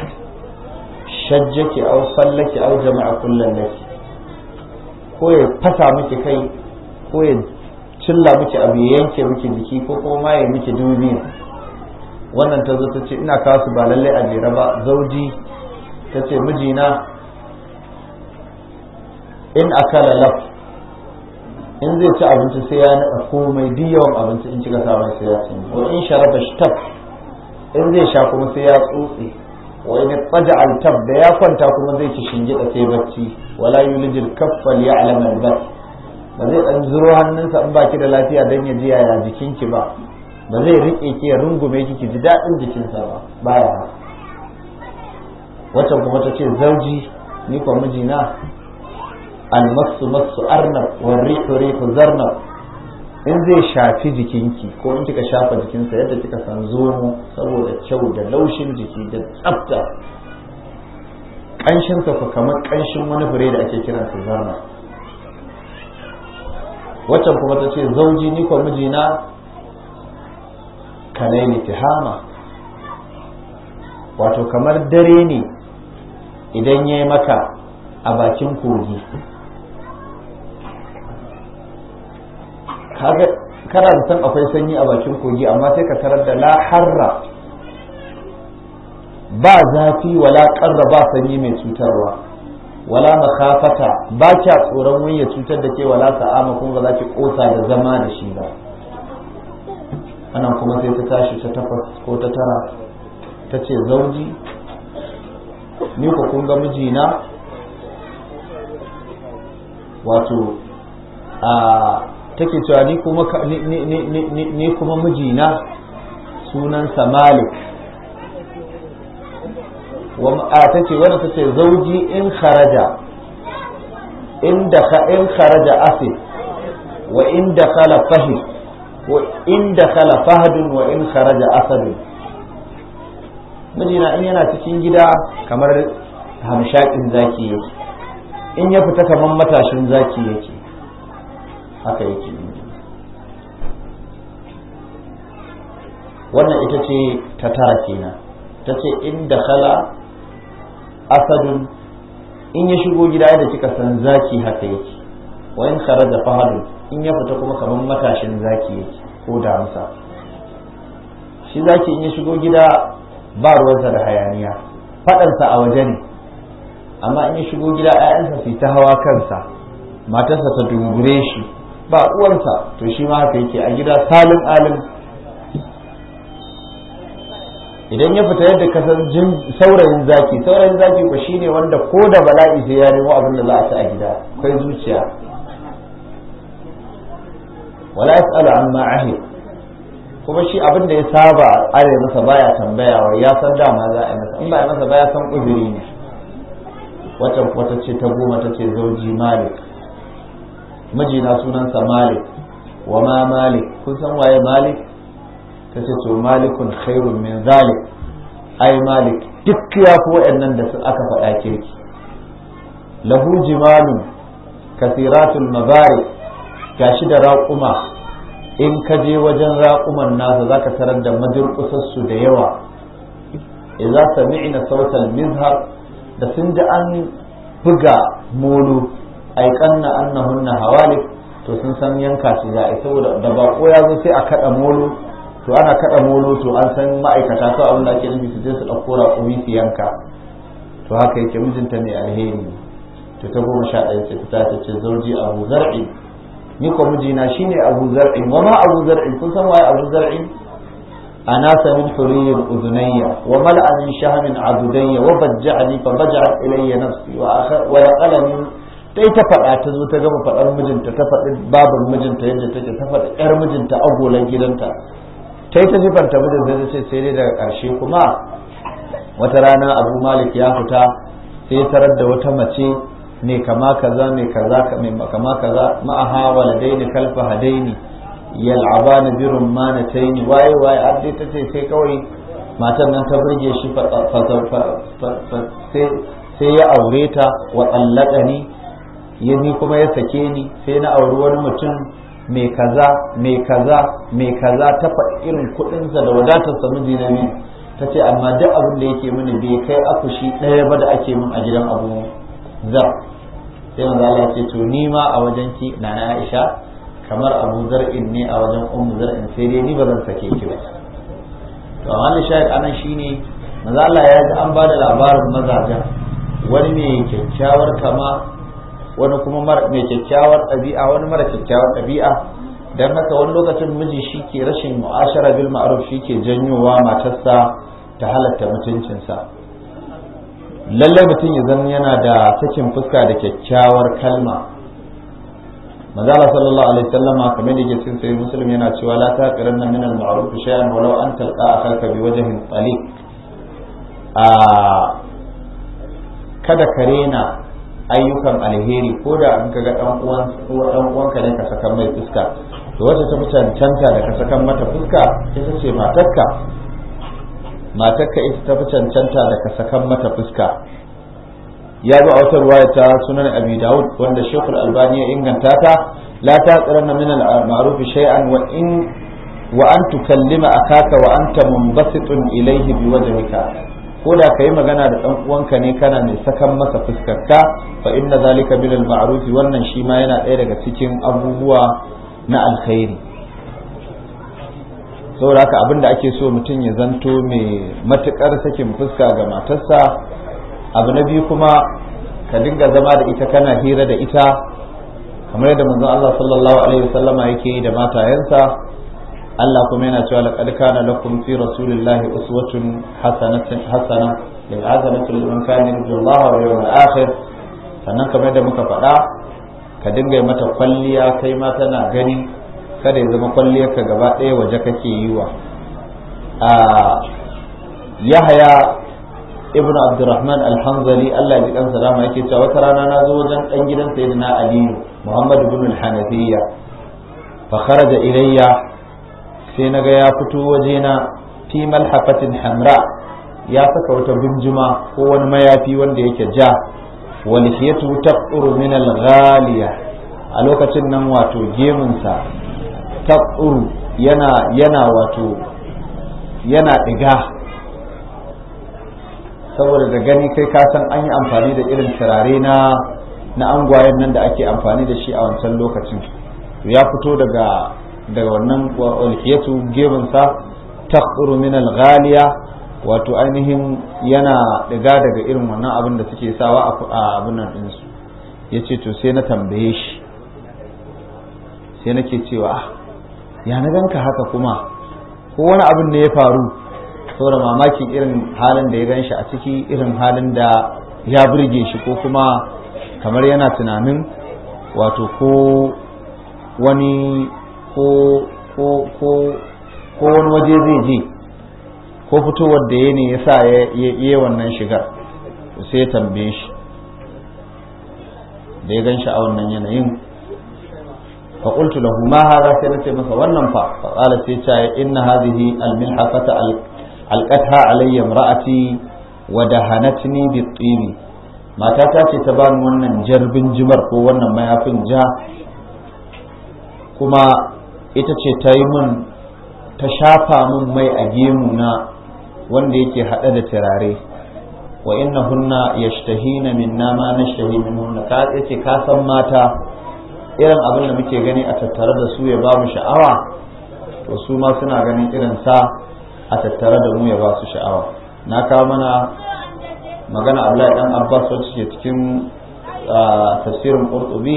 shajjaki au sallaki au jama'a kullum laki ko ya fasa miki kai ko ya cilla miki abu ya yanke miki jiki ko kuma maye ya miki dubi wannan ta zo ta ce ina kasu ba lallai a jere ba zauji ta ce mijina in akala laf in zai ci abinci sai ya naɗa komai duk yawan abinci in kika samun sai ya ci wa in sharaba shtab in zai sha kuma sai ya tsotse wa in tsaja altab da ya kwanta kuma zai ci shingida sai bacci wala yulijil kaffal ya'lam albat ba zai ɗan zuro hannunsa in baki da lafiya don ya ji yaya jikinki ba ba zai riƙe ki ya rungume ki ki ji daɗin jikinsa ba baya wata kuma ta ce zauji ni kwa mijina An masu masu arna, wa rihu rihu zarnab in zai shafi jikin ki, ko in kika shafa jikinsa yadda kika san zomo saboda kyau da laushin jiki da tsafta ƙanshinsa ka kamar ƙanshin wani fure da ake kiransa zarna waccan kuma ta ce zauji ni kwa mijina ni tihama wato kamar dare ne idan ya yi maka a bakin kogi kana da san akwai sanyi a bakin kogi amma sai ka tarar da la harra ba zafi wala karra ba sanyi mai cutarwa wala makafata ba kya tsoron wani ya cutar da ke wala sa'ama kuma ba za ki kosa da zama da shi ba anan kuma sai ta tashi ta takwas ko ta tara ta ce zauji ni ku kun ga mijina wato a take cewa ni kuma ni kuma sunan sunansa malik wa ta ce wadda ta ce zauji in kharaja in da in kharaja afi wa in da khala fahi wa in da khala fahadun wa in kharaja asabin. mijina in yana cikin gida kamar hamshakin zaki yake in ya fita kamar matashin zaki yake haka yake wannan ita ce ta tara kenan ta ce in da khala asadun in ya shigo gida yadda kika san zaki haka yake wa in kharaja fahadun in ya fita kuma kamar matashin zaki yake ko da amsa. shi zaki in ya shigo gida ba ruwansa da hayaniya faɗansa a waje ne amma in ya shigo gida 'ya'yansa su ta hawa kansa matarsa ta dubure shi ba uwansa to shi ma haka yake a gida salin alim idan ya fita yadda ka san saurayin zaki saurayin zaki ko shine wanda ko da bala'i sai ya nemo abin da za a ci a gida kai zuciya wala yas'alu amma ahli kuma shi abin da ya saba are masa baya tambayawa ya san dama za a yi masa in ba a masa baya san uzuri ne wata wata ce ta goma ta ce zauji malik mijina sunansa malik wa ma malik kun san waye malik ta ce to malikun khairun min zalik ai malik duk ya fi waɗannan da su aka faɗa kirki lahu jimalun kasiratul mabari gashi da raƙuma in ka je wajen raƙuman nasa zaka tarar da kusassu da yawa idza sami'na sautal mizhar da sun ji an buga molo kanna annahunna hawalik to sun san yanka shi za saboda da bako ya zo sai a kada molo to ana kada molo to an san ma'aikata ko abin da ake nufi su je su ɗauko raƙumi su yanka to haka yake mijinta mai alheri to ta goma sha ɗaya ce fita ta ce zauji abu zar'i ni ko mijina shine abu zar'i wa ma abu zar'i kun san waye abu zar'i أناس من حلي أذني wa من شهم عبدي وبجعني فبجعت إلي نفسي ولقلني ta yi ta faɗa ta zo ta gama faɗar mijinta ta faɗi babar mijinta yadda take ta faɗi ƴar mijinta agolan gidanta ta yi ta sifanta mijin sai ce sai dai daga ƙarshe kuma wata rana abu malik ya fita sai tarar da wata mace mai kama kaza mai kaza mai kama kaza da daini kalfa hadaini yal'abani birun manataini waye waye har dai ce sai kawai matan nan ta burge shi sai ya aure ta wa ni ya ni kuma ya sake ni sai na auri wani mutum mai kaza mai kaza mai kaza ta faɗi irin kuɗinsa da wadatarsa miji na ne ta ce amma duk abin da yake mini bai kai akushi ɗaya ba da ake min a gidan abu zar sai manzo Allah ce to ni ma a wajen ki nana Aisha kamar abu in ne a wajen ummu in sai dai ni ba zan sake ki ba to amma shayar anan shine manzo Allah ya ji an ba da labarin mazajen wani mai kyakkyawar kama wani kuma mai kyakkyawar ɗabi'a wani mara kyakkyawar ɗabi'a Don haka wani lokacin miji shi ke rashin mu'ashara bil ma'ruf shi ke janyowa matarsa ta halatta mutuncinsa lallai mutum ya zan yana da sakin fuska da kyakkyawar kalma mazala sallallahu alaihi wasallama kamar da yake cikin sahih muslim yana cewa la taqiranna min al-ma'ruf shay'an walau an talqa akhaka bi wajhin taliq a ah, kada ka rena ayyukan alheri ko da an kaga dan uwan dan uwanka ne ka saka mai fuska to wacce ta fi cancanta da ka saka mata fuska ita ce matarka matarka ita ta fi cancanta da ka saka mata fuska ya zo a wata ruwaya ta sunan abi daud wanda shekul albani ya inganta ta la ta tsiranna min al-ma'ruf shay'an wa in wa an tukallima akaka wa anta munbasitun ilayhi biwajhika ko da yi magana da dan uwanka ne kana mai sakan masa fuskarka fa inna zalika min al ma'ruf wannan shi ma yana ɗaya daga cikin abubuwa na alkhairi saboda haka abin da ake so mutum ya zanto mai matukar sakin fuska ga matarsa abu na biyu kuma ka dinga zama da ita kana hira da ita kamar yadda manzon Allah sallallahu alaihi wasallama yake yi da matayensa Allah kuma yana cewa laqad kana lakum fi rasulillahi uswatun hasanatun hasana lil azamati liman kana yarjullaha akhir sannan kamar da muka faɗa ka dinga mata kwalliya kai ma tana gani kada ya zama kwalliyar ka gaba ɗaya waje kake yi wa a yahaya ibn abdurrahman alhanzali Allah ya ji kansa rama yake cewa wata rana na zo wajen dan gidan sayyidina ali muhammad ibn al hanafiyya fa kharaja ilayya sai na ga ya fito waje na fi malhafatin hamra ya saka wata binjima ko wani mayafi wanda yake ja walhiyatu taqru min al-ghaliya a lokacin nan wato gemunsa taqru yana yana wato yana diga saboda da gani kai ka san an yi amfani da irin turare na na angwayen nan da ake amfani da shi a wancan lokacin ya fito daga daga wannan walhiyatu gemunsa ta min al-ghaliya wato ainihin yana daga daga irin wannan abin da suke sawa a abin nan ɗinsu ya ce to sai na tambaye shi sai nake cewa ah, ya na ganka haka kuma ko wani abin ne ya faru saboda mamakin irin halin da ya gan shi a ciki irin halin da ya burge shi ko kuma kamar yana tunanin wato ko wani ko ko ko ko wani waje zai je ko fitowar da ya ne ya sa ya yi wannan shigar sai tambaye shi da ya gan shi a wannan yanayin fa qultu lahu ma hadha sai nace masa wannan fa fa qala sai ta inna hadhihi al milhafata alqatha alayya imra'ati wa dahanatni bi tini matata ce ta bani wannan jarbin jimar ko wannan mayafin ja kuma ita ce ta yi mun ta shafa mun mai a gemu na wanda yake haɗa da turare wa inna hunna yashtahina minna ma nashtahi minhunna ka ce ka san mata irin abin da muke gani a tattare da su ya ba mu sha'awa to su ma suna ganin irin sa a tattare da mu ya ba su sha'awa na kawo mana magana Allah dan Abbas wacce cikin ah, tafsirin Qurtubi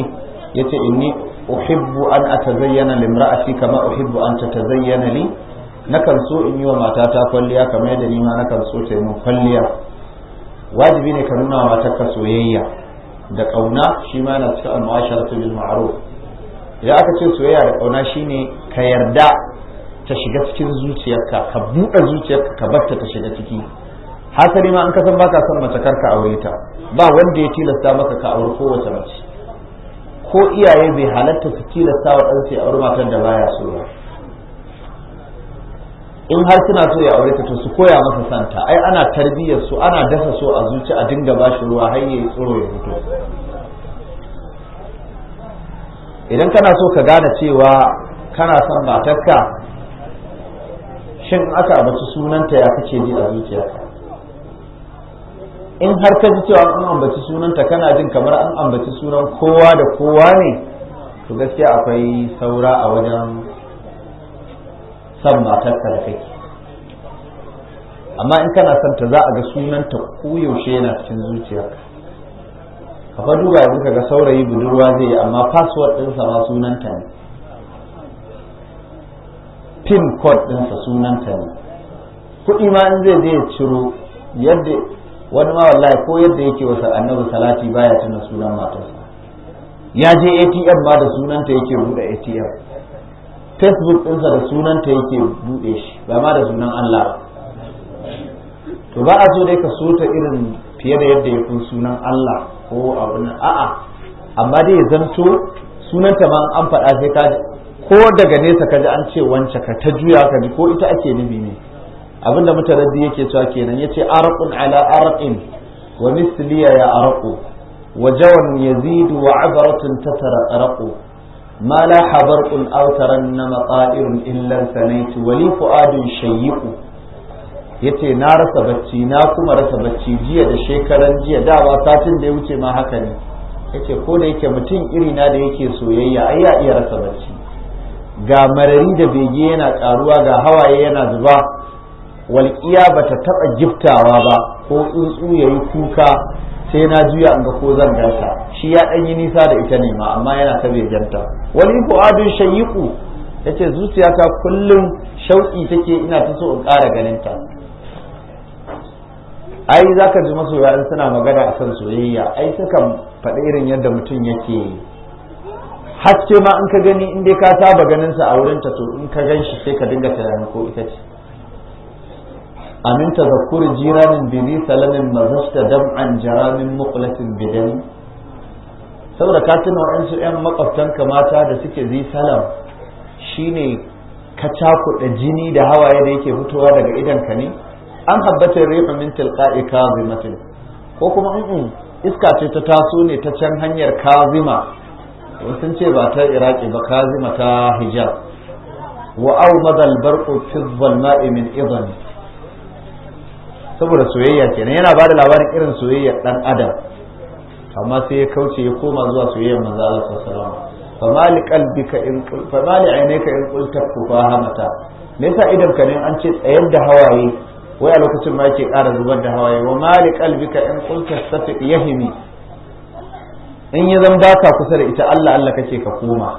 yace inni uhibbu an atazayyana limra'ati kama uhibbu an tatazayyana li nakan so in yi wa matata kwalliya kamar yadda ni ma nakan so ta yi min kwalliya wajibi ne ka nuna wa matarka soyayya da kauna shi ma yana cikin al-mu'asharatu idan aka ce soyayya da ƙauna shine ka yarda ta shiga cikin zuciyarka ka buɗe zuciyarka ka barta ta shiga ciki hasari ma an kasan baka son mace kar ka aure ta ba wanda ya tilasta maka ka auri kowace mace ko iyaye bai halatta su tilasta wa ɗansu ya auri matar da baya so ba in har suna so ya aure ta to su koya masa santa ai ana tarbiyyar su ana dasa so a zuci a dinga ba shi ruwa har yayi tsoro ya fito idan kana so ka gane cewa kana son matarka shin aka abaci sunanta ya kace ji a zuciyarka in har ka ji cewa an ambaci sunanta kana jin kamar an ambaci sunan kowa da kowa ne to gaskiya akwai saura a wajen san matar da kake amma in kana son ta za a ga sunanta yaushe yana cikin zuciyarka ka fa duba yanzu kaga saurayi budurwa zai yi amma password ɗinsa ma sunanta ne pin code ɗinsa sunanta ne kuɗi ma in zai je ya ciro yadda wani ma wallahi ko yadda yake wasa annabi salati baya tuna sunan matarsa ya je ATM ba da sunanta yake buɗe ATM Facebook ɗinsa da sunanta yake buɗe shi ba ma da sunan Allah to ba a zo dai ka so ta irin fiye da yadda ya kun sunan Allah ko a a'a amma dai ya zanto sunanta ma an faɗa sai ka ko daga nesa ka ji an ce wance ka ta juya ka ji ko ita ake nubi ne abinda mutaraddi yake cewa kenan yace arqun ala arqin wa misliya ya arqu wa jawan yazidu wa abratun tataraqu ما لاح na أو ترنم طائر إلا ثنيت ولي فؤاد ya yace na rasa bacci na kuma rasa bacci jiya da shekaran jiya da ba satin da ya wuce ma haka ne yace ko da yake mutum irina da yake soyayya ai ya iya rasa bacci ga marari da bege yana karuwa ga hawaye yana zuba walƙiya ba ta taɓa giftawa ba ko tsuntsu ya yi kuka sai na juya in ga ko zan ganta shi ya ɗan yi nisa da ita ne ma amma yana ta bai ganta wani ko adun shayiku ya ce zuciyata kullum shauƙi take ina ta so in ƙara ganin ta ai za ka ji masoya in suna magana a san soyayya ai sukan faɗi irin yadda mutum yake yi ma in ka gani in dai ka saba ganin sa a wurin ta to in ka gan shi sai ka dinga tunani ko ita ce amin tazakkur jiranin bibi salamin mazasta dam'an jaramin muqlatin bidan saboda ka tuna wa'ansu 'yan makwabtanka mata da suke zi salam shine ka cakuɗa jini da hawaye da yake fitowa daga idanka ne an habbatar rihu min tilqa'i kazimatin ko kuma in iska ce ta taso ne ta can hanyar kazima sun ce ba ta iraki ba kazima ta hijab wa au madal barqu fi min idani saboda soyayya kenan yana bada labarin irin soyayyar dan adam amma sai ya kauce ya koma zuwa soyayyar manzo Allah sallallahu alaihi wasallam fa in fa mali ainaka in qulta me yasa idan ka an ce tsayar da hawaye wai a lokacin ma yake ƙara zubar da hawaye wa mali qalbika in qulta safi yahimi in ya zan baka kusa da ita Allah Allah kake ka koma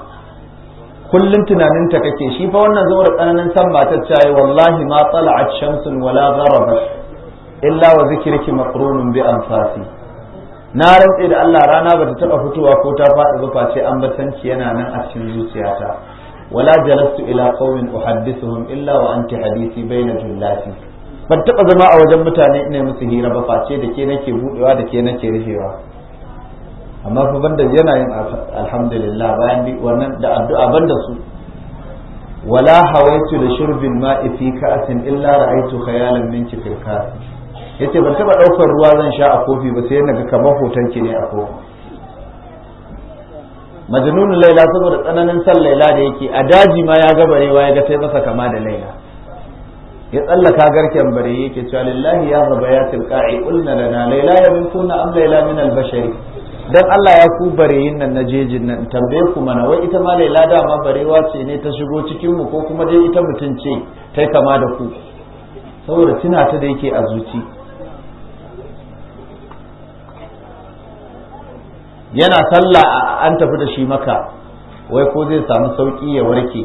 kullum tunaninta kake shi fa wannan zuwa tsananin san matar ta yi wallahi ma tala'at shamsun wala gharabat illa wa zikirki maqrunun bi anfasi na rantse da Allah rana bata taba fitowa ko ta faɗi ba face an batanci yana nan a cikin zuciyata wala jalastu ila qaumin uhaddithuhum illa wa anti hadisi baina jullati ban taba zama a wajen mutane ina musu hira ba face da ke nake budewa da ke nake rufewa amma fa banda yana yin alhamdulillah bayan bi wannan da addu'a banda su wala hawaitu da shurbin ma'i fi ka'atin illa ra'aytu khayalan minki fil ya ce ban taɓa ɗaukar ruwa zan sha a kofi ba sai naga ga kamar hoton ki ne a kofi majnunun laila saboda tsananin san laila da yake a daji ma ya ga barewa ya ga sai masa kama da laila ya tsallaka garken bare yake cewa lillahi ya zaba ya tilqa'i qulna lana laila ya min kunna am laila min al-bashari dan Allah ya ku bareyin nan na jejin nan tambaye ku mana wai ita ma laila dama barewa ce ne ta shigo cikin mu ko kuma dai ita mutum ce tai kama da ku saboda tunata ta da yake a zuci yana sallah an tafi da shi maka wai ko zai samu sauki ya warke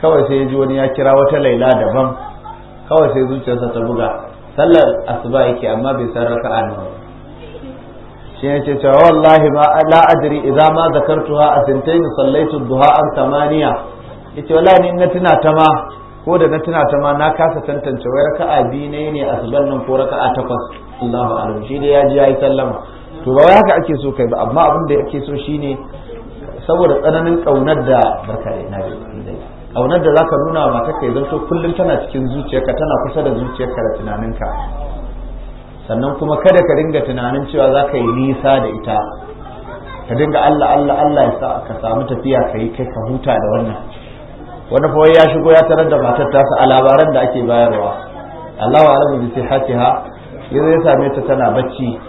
kawai sai ya ji wani ya kira wata laila daban kawai sai zuciyarsa ta buga sallar asuba yake amma bai san raka'a nawa shi yake cewa wallahi ma la adri idza ma zakartuha asintain sallaitu duha an tamaniya yace wallahi ni na tuna ta ma ko da na tuna ta ma na kasa tantance wai raka'a biyu ne ne asuban nan ko raka'a takwas Allahu a'lam shi dai ya ji yayi sallama to ba haka ake so kai ba amma abin da ake so shine saboda tsananin kaunar da barka da ina kaunar da zaka nuna mata kai zanto kullum tana cikin zuciyarka tana kusa da zuciyarka da tunaninka sannan kuma kada ka dinga tunanin cewa zaka yi nisa da ita ka dinga Allah Allah Allah ya sa ka samu tafiya ka yi kai ka huta da wannan wani fa ya shigo ya tarar da matar tasa a labaran da ake bayarwa Allahu a'lamu bi sihhatiha yanzu ya same ta tana bacci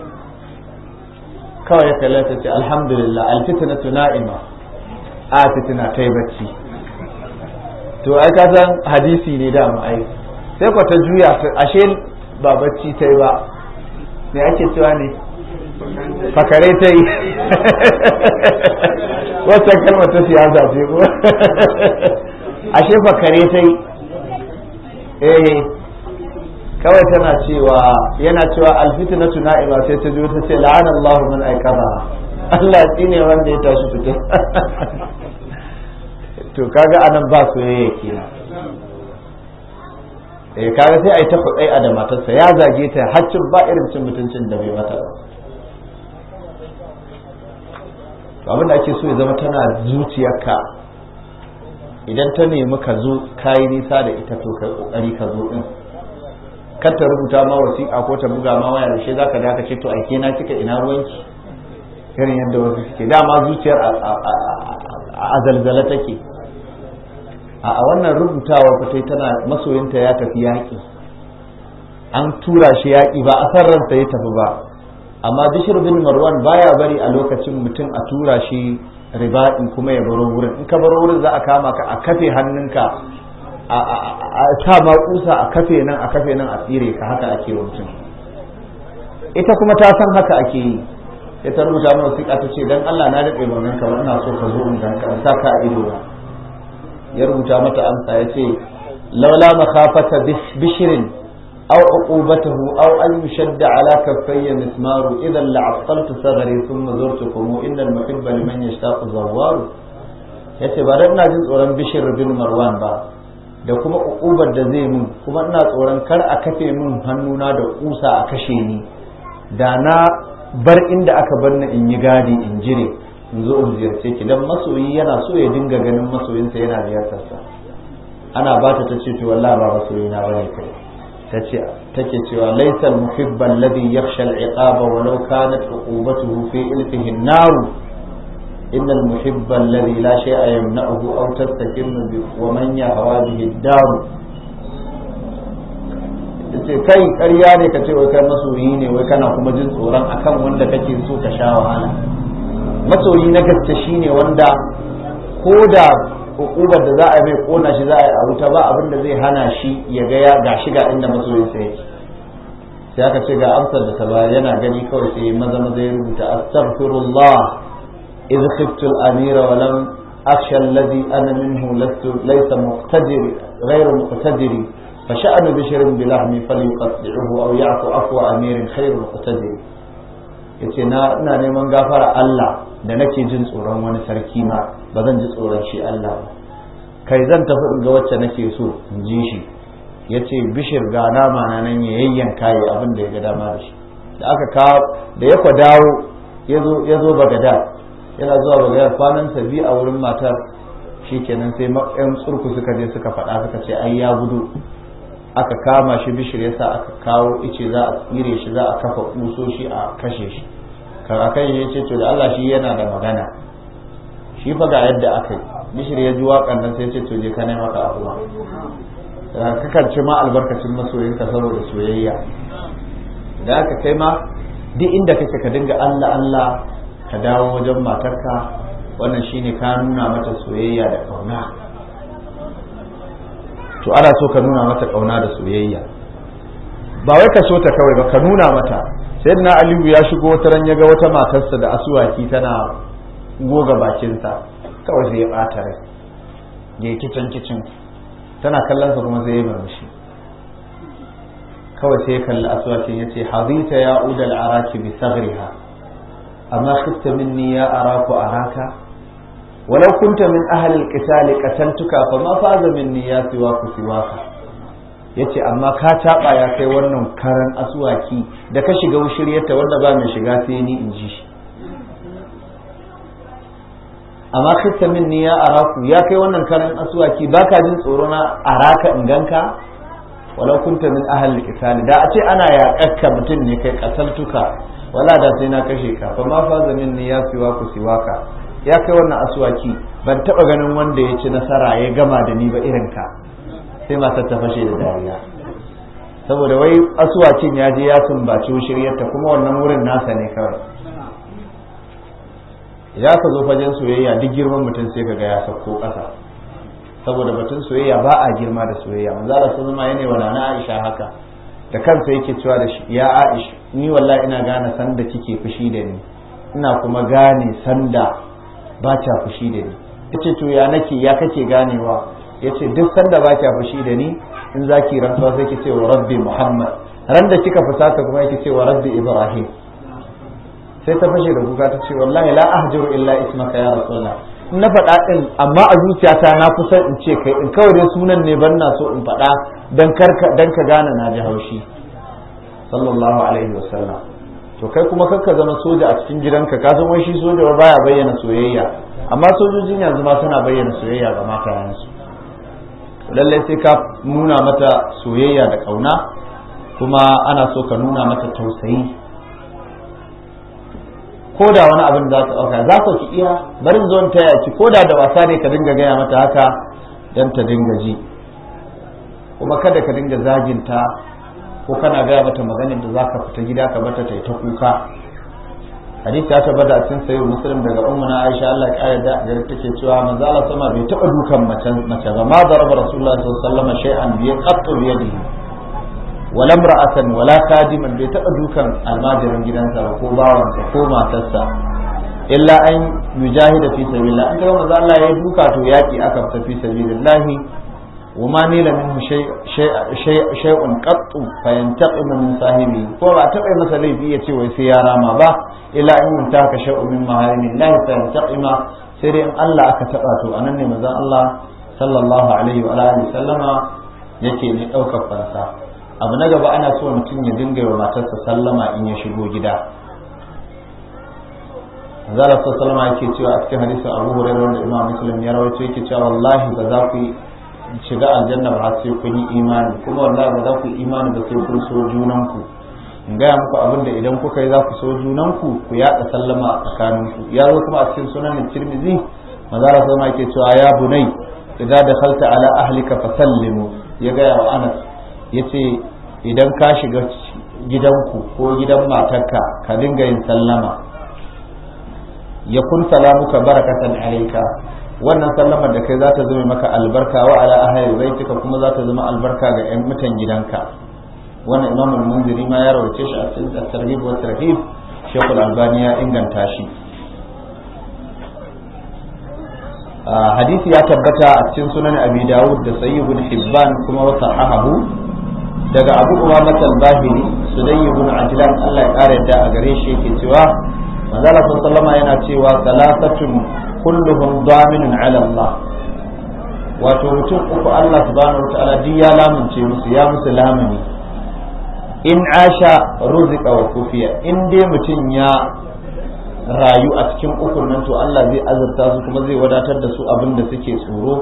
kawai ya kalla ta ce alhamdulillah alfitina tuna'ima a fitina kai bacci to ai ka san hadisi ne da mu ai sai ko ta juya ashe ba bacci tai ba me ake cewa ne fakare ta yi wata kalma ta siyasa ce ko ashe fakare ta yi eh, eh. kawai tana cewa yana cewa alfitnatu na'ima sai ta zo ta ce la'ana Allahu man aikaba Allah shine wanda ya tashi fito to kaga anan ba soyayya yake eh kaga sai ai ta kudai a da matarsa ya zage ta har cin ba irin cin mutuncin da bai mata to abin da ake so ya zama tana zuciyarka idan ta nemi ka zo kayi nisa da ita to kai kokari ka zo din kar ta rubuta ma wasiƙa ko ta buga ma waya da shi zaka da ka ce to aike na kika ina ruwanki irin yadda wasu suke dama zuciyar a zalzala take a wannan ku sai tana masoyinta ya tafi yaƙi an tura shi yaƙi ba a san ransa ya tafi ba amma bishir bin marwan baya bari a lokacin mutum a tura shi ribaɗi kuma ya baro wurin in ka baro wurin za a kama ka a kafe hannunka a sa ma kusa a kafe nan a kafe nan a tsire ka haka ake wa mutum ita kuma ta san haka ake yi ya ta rubuta mana wasiƙa ta ce dan Allah na daɗe mamin ka ina so ka zo in ganka sa ka a ido ba. ya rubuta mata amsa ya ce laula makhafata bishirin aw uqubatuhu aw an yushadda ala kaffayya mismaru idan la'aqqaltu sagari thumma zurtukum al muhibba liman yashtaqu zawwaru yace ba dan ina jin tsoron bishir bin marwan ba da kuma uƙubar da zai mun kuma ina tsoron kar a kafe min hannuna da kusa a kashe ni da na bar inda aka bar na in yi gadi in jire in zo in ziyarce ki dan masoyi yana so ya dinga ganin masoyinsa yana ziyartarsa ana ba ta tace to wallahi ba na, bane kai tace take cewa laysal muhibban ladhi yakhsha al'iqaba walau kanat uqubatuhu fi ilfihi an-nar إن المحب الذي لا شيء يمنعه أو تستكن ومن يهوى به الدار kai ƙarya ne ka ce wai kai masoyi ne wai kana kuma jin tsoron akan wanda kake so ka sha wahala masoyi na gaske shine wanda ko da ukubar da za a mai kona shi za a yi a wuta ba abin da zai hana shi ya gaya ga ya ga inda masoyin sa yake sai aka ce ga amsar da ta ba yana gani kawai sai maza maza ya rubuta astaghfirullah إذ خبت الأمير ولم أخشى الذي أنا منه لست ليس مقتدر غير مقتدر فشأن بشر بلحم فليقطعه أو يعفو عفو أمير خير مقتدر yace na ina neman gafara Allah da nake jin tsoron wani sarki ma ba zan ji tsoron shi Allah ba kai zan tafi in ga wacce nake so in ji shi yace bishir ga nama na nan ya yayyanka abin da ya ga dama da shi da aka kawo da ya kwa dawo ya zo bagada yana zuwa ga kwanan sa biyu a wurin matar shikenan sai yan tsurku suka je suka faɗa suka ce ai ya gudu aka kama shi bishir yasa aka kawo ice za a tsire shi za a kafa shi a kashe shi karakan ya ce to da Allah shi yana da magana shi fa ga yadda aka yi bishir ya ji waƙan nan sai ce to je ka nema ka abuwa kakarci ma albarkacin masoyinka saboda soyayya da aka kai ma duk inda kake ka dinga Allah Allah ka dawo wajen matarka wannan shi ne ka nuna mata soyayya da ƙauna. to ana so ka nuna mata ƙauna da soyayya ba wai ka so ta kawai ba ka nuna mata na aliyu ya shigo wata ran ya ga wata matarsa da asuwaki tana goga bakinsa kawai sai ya bata rai ya kicin kicin tana kallon sa kuma zai ya kawai sai ya kalli asuwakin ya ce hazita ya udal araki bi sagriha amma kifta minni ya araku araka walau kunta min ahli alqitali katantuka fa ma faza minni ya siwaku ka? yace amma ka taba ya kai wannan karan asuwaki da ka shiga wushiryarta wanda ba mai shiga sai ni in ji shi amma kifta minni ya araku ya kai wannan karan asuwaki baka jin tsoro na araka in ganka walau kunta min ahli alqitali da a ce ana yaƙakka mutum ne kai qataltuka wala da sai na kashe ka fa ma faza minni ya siwa ku siwaka ya kai wannan asuwaki ban taba ganin wanda ya ci nasara ya gama da ni ba irin ka sai ma ta fashe da dariya saboda wai aswakin ya je ya sumbaci shiryarta kuma wannan wurin nasa ne kawai ya ka zo fajen soyayya duk girman mutum sai ka ga ya sauko kasa saboda batun soyayya ba a girma da soyayya manzo Allah sun ma yana wa Aisha haka da kansa yake cewa da shi ya aish ni wallahi ina gane sanda kike fushi da ni ina kuma gane sanda ba ta fushi da ni yace to ya nake ya kake ganewa yace duk sanda ba ta fushi da ni in zaki rantsuwa sai ki ce wa rabbi muhammad ran da kika fusata kuma yake ce wa rabbi ibrahim sai ta fashe da kuka ta ce wallahi la ahjuru illa ismaka ya rasulullah na faɗa ɗin amma a zuciyata na kusa in ce kai in kawai sunan ne ban na so in faɗa dan ka gane na ji haushi sallallahu alaihi wasallam to kai kuma kakka zama soja a cikin gidanka ka zama shi soja ba baya bayyana soyayya amma sojojin yanzu ma suna bayyana soyayya ga matayensu lallai sai ka nuna mata soyayya da kauna kuma ana so ka nuna mata tausayi ko da wani abin za ta ɗauka za ka ki iya barin zon taya ki ko da da wasa ne ka dinga gaya mata haka don ta dinga ji kuma kada ka dinga zaginta ko kana gaya mata maganin da zaka fita gida ka bata ta ta kuka hadisi ya tabbata a cikin sayyid muslim daga na aisha Allah ya yarda da gare take cewa manzo Allah sama bai taba dukan mace mace ba ma daraba rasulullah sallallahu alaihi wasallam shay'an bi qattu bi yadihi wala imra'atan wala kadiman bai taba dukan almajirin gidansa ba ko bawansa ko matarsa illa an yujahida fi sabilillah an ga manzo Allah ya duka to yaki aka fita fi sabilillah وما نيل منه شيء شيء شيء شيء قط فينتقم من صاحبه فما تبقى مثلا في يتي وسيارة ما با إلا إن انتهك شيء من محارم الله فينتقم سيري إن الله أكتبته أنني مزا الله صلى الله عليه وعلى آله وسلم yake ne ɗaukar fansa abu na gaba ana so mutum ya dinga wa matarsa sallama in ya shigo gida zara sallama yake cewa a cikin hadisin abu hurairah da imam muslim ya rawaito yake cewa wallahi ba za ku shiga aljanna ba sai kun yi imani kuma wallahi ba za ku yi imani ba sai kun so junanku in gaya muku abin da idan kuka yi za ku so junan ku ku yaɗa sallama a tsakanin ku ya zo kuma a cikin sunan tirmidhi maza da sama yake cewa ya bunai idan da halta ala ahlika fa sallimu ya gaya wa anas yace idan ka shiga gidanku ko gidan matarka ka dinga yin sallama ya kun salamuka barakatan alaika wannan sallamar da kai za ta zama maka albarka wa ala ahli baitika kuma za ta zama albarka ga 'yan mutan gidanka wannan imam al-munziri ma ya rawace shi a cikin tarhib wa tarhib shaykh al-albani ya inganta shi hadisi ya tabbata a cikin sunan abi dawud da sayyid ibn hibban kuma wa sahahu daga abu umama al-bahili sulayy ibn ajlan Allah ya kare da a gare shi yake cewa manzo Allah sallama yana cewa salatatun kulluhum daminun ala Allah wato mutum uku Allah subhanahu wa ta'ala duk ya lamunce musu ya musu lamuni in asha ruzika wa kufiya in dai mutum ya rayu a cikin ukun nan to Allah zai azurta su kuma zai wadatar da su abinda da suke tsoro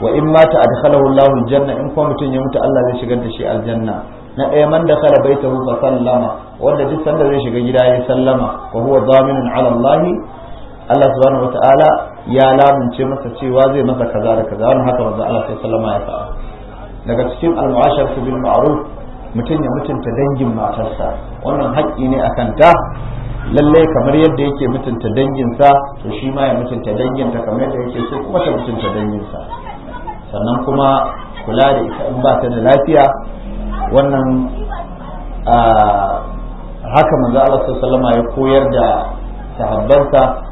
wa in ma ta adkhalahu Allahu aljanna in kuma mutum ya mutu Allah zai shigar da shi aljanna na ɗaya man da kala baitahu fa sallama wanda duk sanda zai shiga gida ya sallama wa huwa zaminun ala Allah Allah subhanahu wataala ya lamunce masa cewa zai masa kaza da kaza wannan haka manzo Allah sai sallama ya faɗa daga cikin al-mu'ashar bil ma'ruf mutum ya mutunta dangin matarsa wannan haƙƙi ne akan ta lalle kamar yadda yake mutunta danginsa to shi ma ya mutunta danginta kamar yadda yake so kuma ta mutunta danginsa sannan kuma kula da ita in ba ta da lafiya wannan ah, haka manzo Allah sallallahu sallama ya koyar da sahabbansa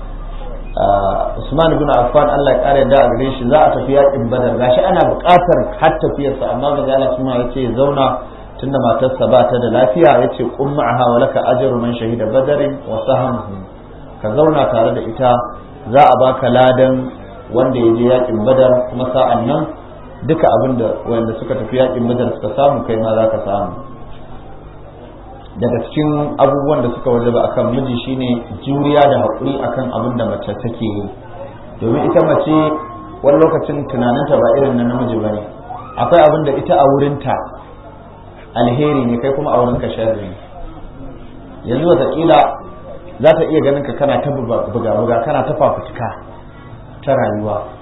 Usman ibn Affan Allah ya kare da gare shi za a tafi yakin Badar gashi ana buƙatar har tafiyarsa amma ga Allah kuma yace zauna tunda matarsa ba ta da lafiya yace qum ma'aha wa laka ajru man shahida badarin wa sahamhu ka zauna tare da ita za a baka ladan wanda ya je yakin Badar kuma sa'an nan duka abinda wanda suka tafi yakin Badar suka samu kai ma za ka samu daga cikin abubuwan da suka wajaba kan miji shine juriya da haƙuri kan abin da mace take yi domin ita mace wani lokacin tunaninta ba irin na namiji ba ne akwai abin da ita a wurinta alheri ne kai kuma a wurinka sharri yanzu watakila za ta iya ganin ka kana ta buga buga kana ta fafutuka ta rayuwa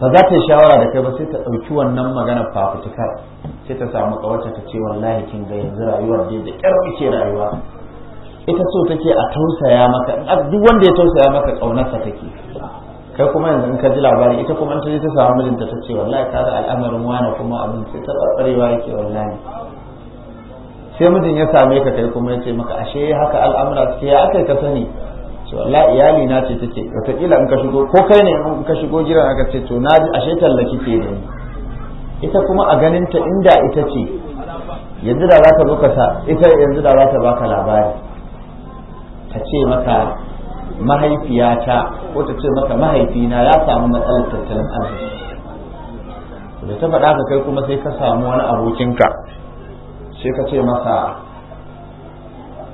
ba za ta yi shawara da kai ba sai ta ɗauki wannan magana fafutukar sai ta samu kawarta ta ce wallahi kin ga yanzu rayuwar dai da ƙyar ke rayuwa ita so take a tausaya maka duk wanda ya tausaya maka ƙaunarsa take kai kuma yanzu in ka ji labari ita kuma ta je ta samu mijinta ta ce wallahi ka ga al'amarin wani kuma abin sai ta barbarewa yake wallahi sai mijin ya same ka kai kuma ya ce maka ashe haka al'amura suke ya aka ka sani la iyali na ce take wataƙila in ka shigo ko kai ne in ka shigo jiran aka ce to na ji ashe talla kike ne ita kuma a ganin ta inda ita ce yanzu da za ta zo ka sa ita yanzu da za ta baka labari ta ce maka mahaifiyata ko ta ce maka mahaifina ya samu matsalar tattalin arziki da ta faɗa ka kai kuma sai ka samu wani abokinka sai ka ce masa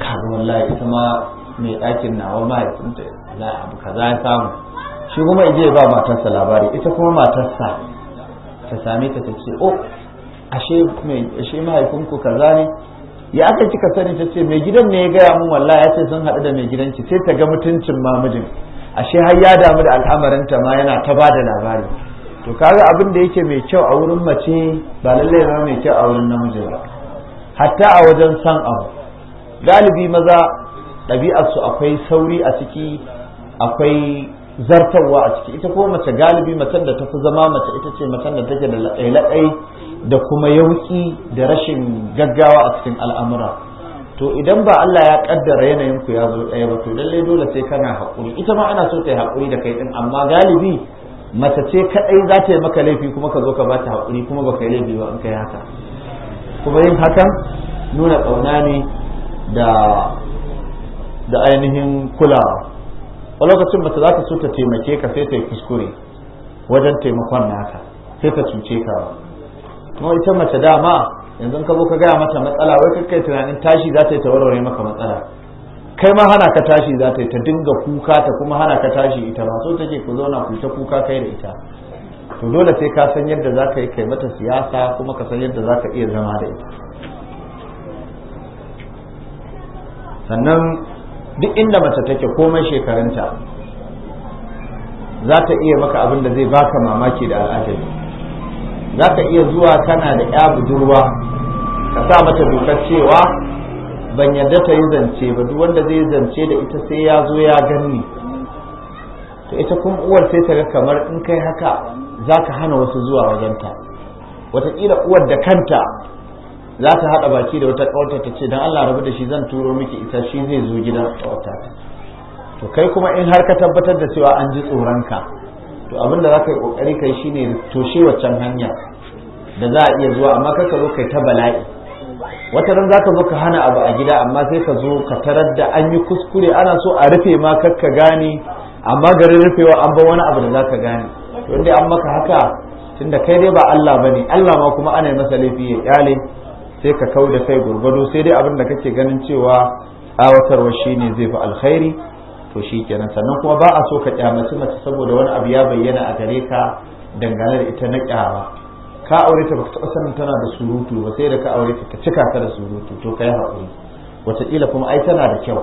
kaga wallahi ita ma mai ɗakin nawa mahaifinta abu kaza ya samu shi kuma ije ba matarsa labari ita kuma matarsa ta same ta ta ce oh ashe mai ashe mahaifinku kaza ne ya aka kika sani ta ce mai gidan ne ya gaya mun wallahi ya ce sun haɗu da mai gidanki sai ta ga mutuncin mamijin ashe har ya damu da al'amarinta ma yana ta ba da labari to kaga abin da yake mai kyau a wurin mace ba lallai ba mai kyau a wurin namiji ba hatta a wajen san abu galibi maza ɗabi'arsu akwai sauri a ciki akwai zartarwa a ciki ita kuma mace galibi macen da tafi zama mace ita ce macen da take da laɗai-laɗai da kuma yauki da rashin gaggawa a cikin al'amura to idan ba Allah ya kaddara yanayin ku ya zo ɗaya ba to lallai dole sai kana haƙuri ita ma ana so ta yi haƙuri da kai din amma galibi mace ce kaɗai za ta yi maka laifi kuma ka zo ka ba ta haƙuri kuma ba ka yi laifi ba in kai haka kuma yin hakan nuna ƙauna ne da da ainihin kulawa a lokacin mace za ta so ta taimake ka sai ta yi kuskure wajen taimakon naka sai ta cuce ka kuma ita mace dama yanzu ka zo ka gaya mata matsala wai kai kai tunanin tashi za ta yi ta warware maka matsala kai ma hana ka tashi za ta yi ta dinga kuka ta kuma hana ka tashi ita ma so take ku zauna ku ta kuka kai da ita to dole sai ka san yadda za ka yi kai mata siyasa kuma ka san yadda za ka iya zama da ita sannan duk inda mace take komai shekarunta za ta iya maka abin da zai baka mamaki da al'ajabi za ka iya zuwa kana da ya budurwa ka sa mata dokar cewa ban yadda ta yi zance ba duk wanda zai zance da ita sai ya zo ya ganni to ita kuma uwar sai ta ga kamar in kai haka za ka hana wasu zuwa wajenta wataƙila uwar da kanta za ta haɗa baki da wata ƙauta ta ce don Allah rabu da shi zan turo miki ita shi zai zo gidan ƙauta to kai kuma in har ka tabbatar da cewa an ji tsoronka to abin da za ka yi ƙoƙari kai shi ne toshe waccan hanya da za a iya zuwa amma kar ka zo kai ta bala'i wata ran za ka zo ka hana abu a gida amma sai ka zo ka tarar da an yi kuskure ana so a rufe ma kar ka gane amma garin rufewa an ba wani abu da za ka gane to inda an maka haka tunda kai dai ba Allah bane Allah ma kuma ana masa laifi ya kyale sai ka kau da kai gurgudu sai dai abin da kake ganin cewa tsawatarwa shine zai fi alkhairi to shi kenan sannan kuma ba a so ka kyamaci mace saboda wani abu ya bayyana a gare ka dangane da ita na kyama ka aure ta baka taɓa sanin tana da surutu ba sai da ka aure ta ka cika ta da surutu to ka yi haƙuri wataƙila kuma ai tana da kyau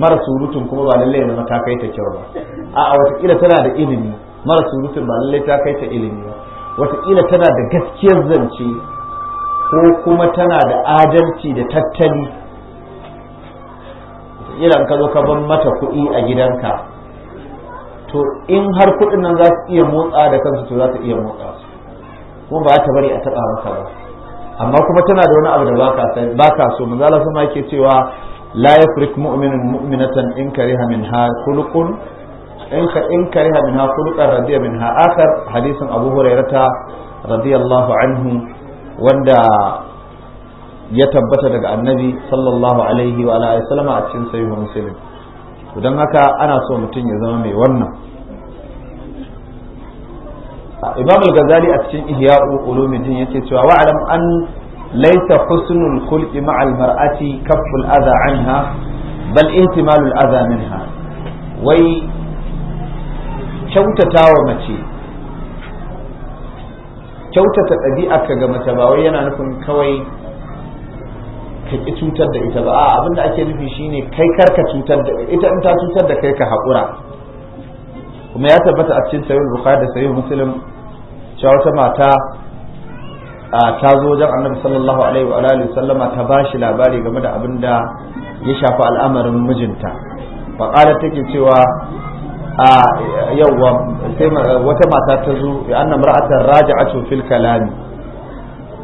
mara surutun kuma ba lallai zama ta kai ta kyau ba a'a wataƙila tana da ilimi mara surutun ba lallai ta kai ta ilimi ba wataƙila tana da gaskiyar zance ko kuma tana da adalci da tattali idan ka zo ka ban mata kuɗi a gidanka to in har kuɗin nan za su iya motsa da kansu to za su iya motsa su kuma ba ta bari a taɓa maka ba amma kuma tana da wani abu da ba ka so manzo Allah sama yake cewa la yafrik mu'minun mu'minatan in kariha ha kulukun in kariha ha kulukan radiya min akhar hadisin Abu Hurairah radiyallahu anhu wanda ya tabbata daga annabi sallallahu alaihi wa alihi sallama a cikin sahihu muslim don haka ana so mutum ya zama mai wannan imam al-ghazali a cikin ihya'u ulumuddin yake cewa wa'alam an laysa husnul khulqi ma'al mar'ati kafful adha anha bal intimalul adha minha wai kyautatawa mace kyautata ɗabi'a ga mace ba wai yana nufin kawai ka ki cutar da ita ba a abin da ake nufi shine kai kar ka cutar da ita in ta cutar da kai ka haƙura kuma ya tabbata a cikin sahih bukhari da sahih muslim cewa wata mata ta zo wajen annabi sallallahu alaihi wa alihi sallama ta bashi labari game da abin da ya shafi al'amarin mijinta faqala take cewa a yawwa sai wata mata ta zo ya anna raja a fil kalami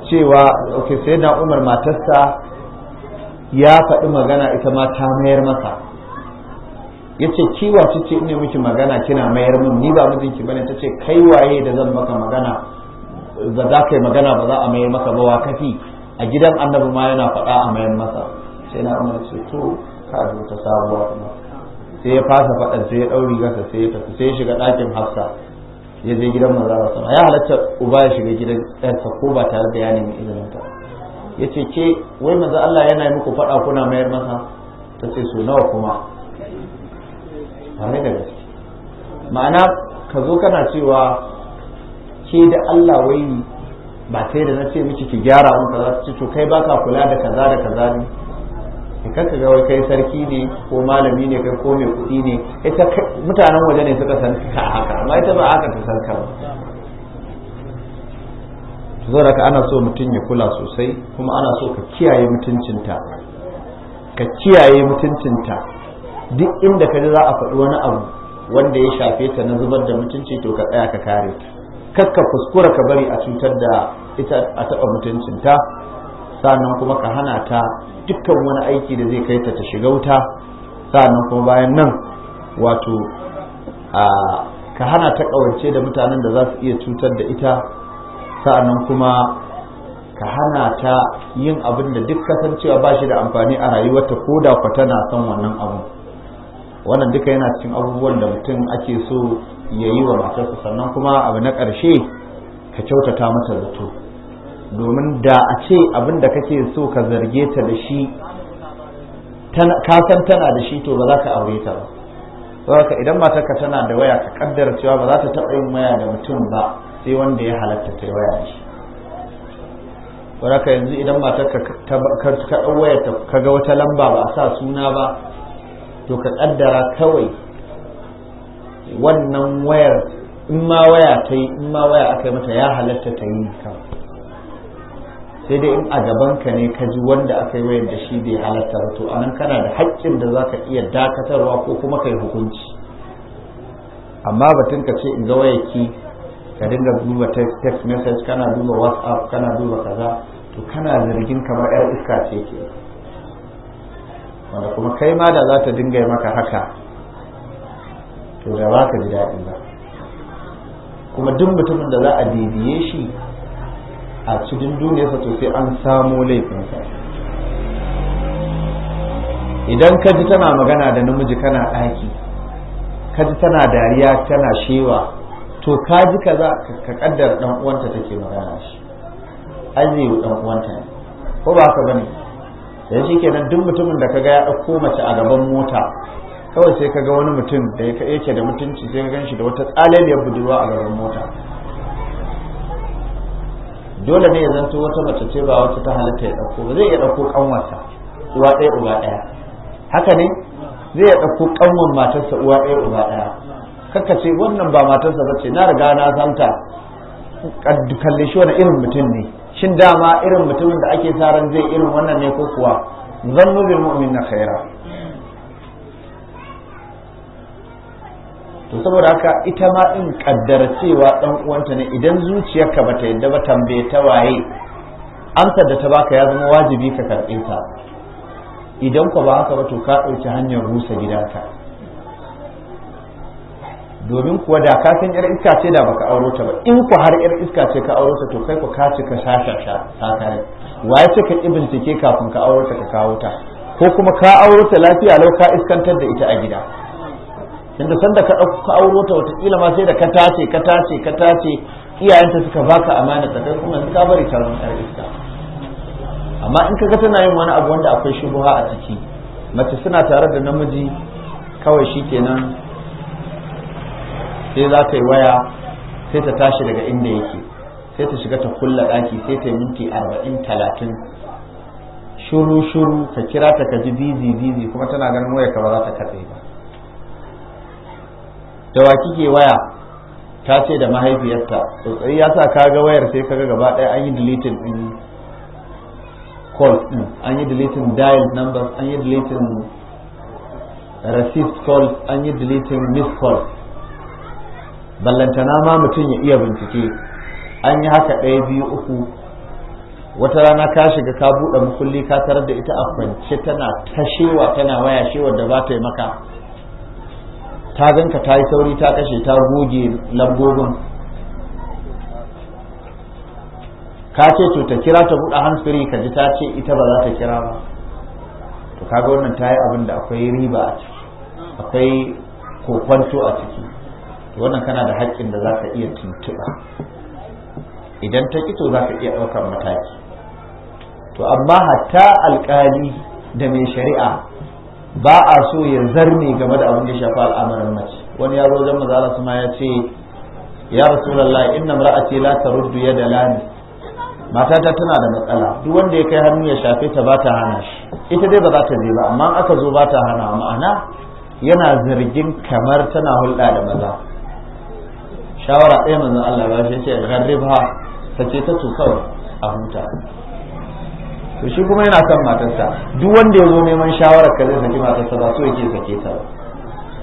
cewa okay sai na Umar matarsa ya faɗi magana ita ma ta mayar masa yace kiwa ce ne miki magana kina mayar min ni ba mijinki bane tace kai waye da zan maka magana ba za ka yi magana ba za a mayar masa ba wa kafi a gidan annabi ma yana faɗa a mayar masa sai na Umar ce to ka zo ta sabuwa kuma sai ya fasa faɗan sai ya ɗauri gasa, sai ya tafi sai ya shiga ɗakin hafsa ya je gidan manzo Allah sama ya halatta uba ya shiga gidan ɗansa ko ba tare da ya nemi izinin ta yace ke wai manzo Allah yana yi muku faɗa kuna mayar masa ta ce so nawa kuma Wani da gaske ma'ana ka zo kana cewa ke da Allah wai ba sai da na ce miki ki gyara mun kaza ce to kai baka kula da kaza da kaza ne in ka ga wai kai sarki ne ko malami ne kai ko mai kuɗi ne ita mutanen waje ne suka san ka haka amma ita ba haka ta san ka zo da ka ana so mutum ya kula sosai kuma ana so ka kiyaye mutuncinta ka kiyaye mutuncinta duk inda ka ji za a faɗi wani abu wanda ya shafe ta na zubar da mutunci to ka tsaya ka kare ta kakka kuskura ka bari a cutar da ita a taɓa mutuncinta sannan kuma ka hana ta dukkan wani aiki da zai kai ta ta shiga wuta sannan kuma bayan nan wato ka hana ta kawance da mutanen da za su iya cutar da ita sannan kuma ka hana ta yin abin da duk kasancewa ba shi da amfani a rayuwarta ko da kwa tana son wannan abu wannan duka yana cikin abubuwan da mutum ake so ya yi wa matarsa sannan kuma abu na ƙarshe ka kyautata mata zato domin da a ce abin da kake so ka zarge ta da shi ka san tana da shi to ba za ka aure ta ba saboda idan matarka tana da waya ka kaddara cewa ba za ta taɓa yin waya da mutum ba sai wanda ya halatta ta waya da shi saboda yanzu idan matarka ka ɗan waya ka ga wata lamba ba a sa suna ba to ka kaddara kawai wannan wayar in ma waya ta yi in ma waya aka yi mata ya halatta ta yi kawai sai dai in a gaban ka ne ka ji wanda aka yi wayar da shi bai halatta ba to anan kana da haƙƙin da za ka iya dakatarwa ko kuma ka yi hukunci amma batun ka ce in ga wayaki ka dinga duba text message kana duba whatsapp kana duba kaza to kana zargin kamar yar iska ce ke wanda kuma kai ma da za ta dinga maka haka to da ba ka ji daɗi ba kuma duk mutumin da za a bibiye shi a cikin duniyarsa to sai an samo laifinsa idan ka ji tana magana da namiji kana ɗaki ka ji tana dariya tana shewa to ka ji kaza ka kaddar dan uwanta take magana shi ajiye dan uwanta ne ko ba ka bane dan shikenan duk mutumin da kaga ya dauko mace a gaban mota kawai sai kaga wani mutum da yake da mutunci sai ka ganshi da wata tsalaliyar budurwa a gaban mota dole ne ya zanto wata mace ce ba wacce ta halitta ya ɗauko ba zai iya ɗauko ƙanwarsa uwa ɗaya uba ɗaya haka ne zai iya ɗauko ƙanwar matarsa uwa ɗaya uba ɗaya kakka ce wannan ba matarsa ba ce na riga na santa kalle shi wani irin mutum ne shin dama irin mutumin da ake sa ran zai irin wannan ne ko kuwa zan bil mu'min na khaira to saboda haka ita ma in kaddara cewa dan uwanta ne idan zuciyarka bata yadda ba tambaye ta waye amsar da ta baka ya zama wajibi ka karɓe ta idan ka ba haka ba to ka ɗauki hanyar rusa gidanka domin kuwa da ka san yar iska ce da baka auro ta ba in ku har yar iska ce ka auro ta to kai ku ka ci ka shasha ta kare waye ce ka ki bincike kafin ka auro ta ka kawo ta ko kuma ka auro ta lafiya lau ka iskantar da ita a gida tunda sanda ka ɗauka auro ta watakila ma sai da ka tace ka tace ka tace iyayenta suka baka amana ka kai kuma ka bari ta zama iska amma in ka ga tana yin wani abu wanda akwai shubuha a ciki mace suna tare da namiji kawai shi kenan sai za ta yi waya sai ta tashi daga inda yake sai ta shiga ta kulla ɗaki sai ta yi minti arba'in talatin shuru shuru ka kira ta ka ji bizi bizi kuma tana ganin waya ka ba za ta katse ba da wa kike waya ta ce da mahaifiyarta tsotsai ya sa ka ga wayar sai kaga gaba ɗaya an yi dilitin din calls din an yi dilitin dial numbers an yi dilitin received calls an yi dilitin missed calls ballantana ma mutum ya iya bincike an yi haka ɗaya biyu uku wata rana ka shiga ka buɗe mukulli ka tarar da ita a kwance tana tashewa tana waya shewar da ba ta yi maka ta ganka ta yi sauri ta kashe ta goge lambobin ka ce to ta kira ta buɗe hansiri ka ji ta ce ita ba za ta kira ba to kaga wannan ta yi abin da akwai riba a ciki akwai kokwanto a ciki to wannan kana da haƙƙin da za ka iya tuntuɓa idan ta ƙi to za ka iya ɗaukar mataki to amma hatta alƙali da mai shari'a ba a so ya zarne game da abin da shafa al'amarin mace wani ya zo zama maza suma ya ce ya rasulullah inna mar'ati la taruddu yada lani matata tana da matsala duk wanda ya kai hannu ya shafe ta ba ta hana shi ita dai ba za ta je ba amma aka zo ba ta hana ma'ana yana zargin kamar tana hulɗa da maza shawara ɗaya manzon Allah ba shi ya ce garribha sace ta su a huta to shi kuma yana son matarsa duk wanda ya zo neman shawarar ka zai saki matarsa ba so yake sake ta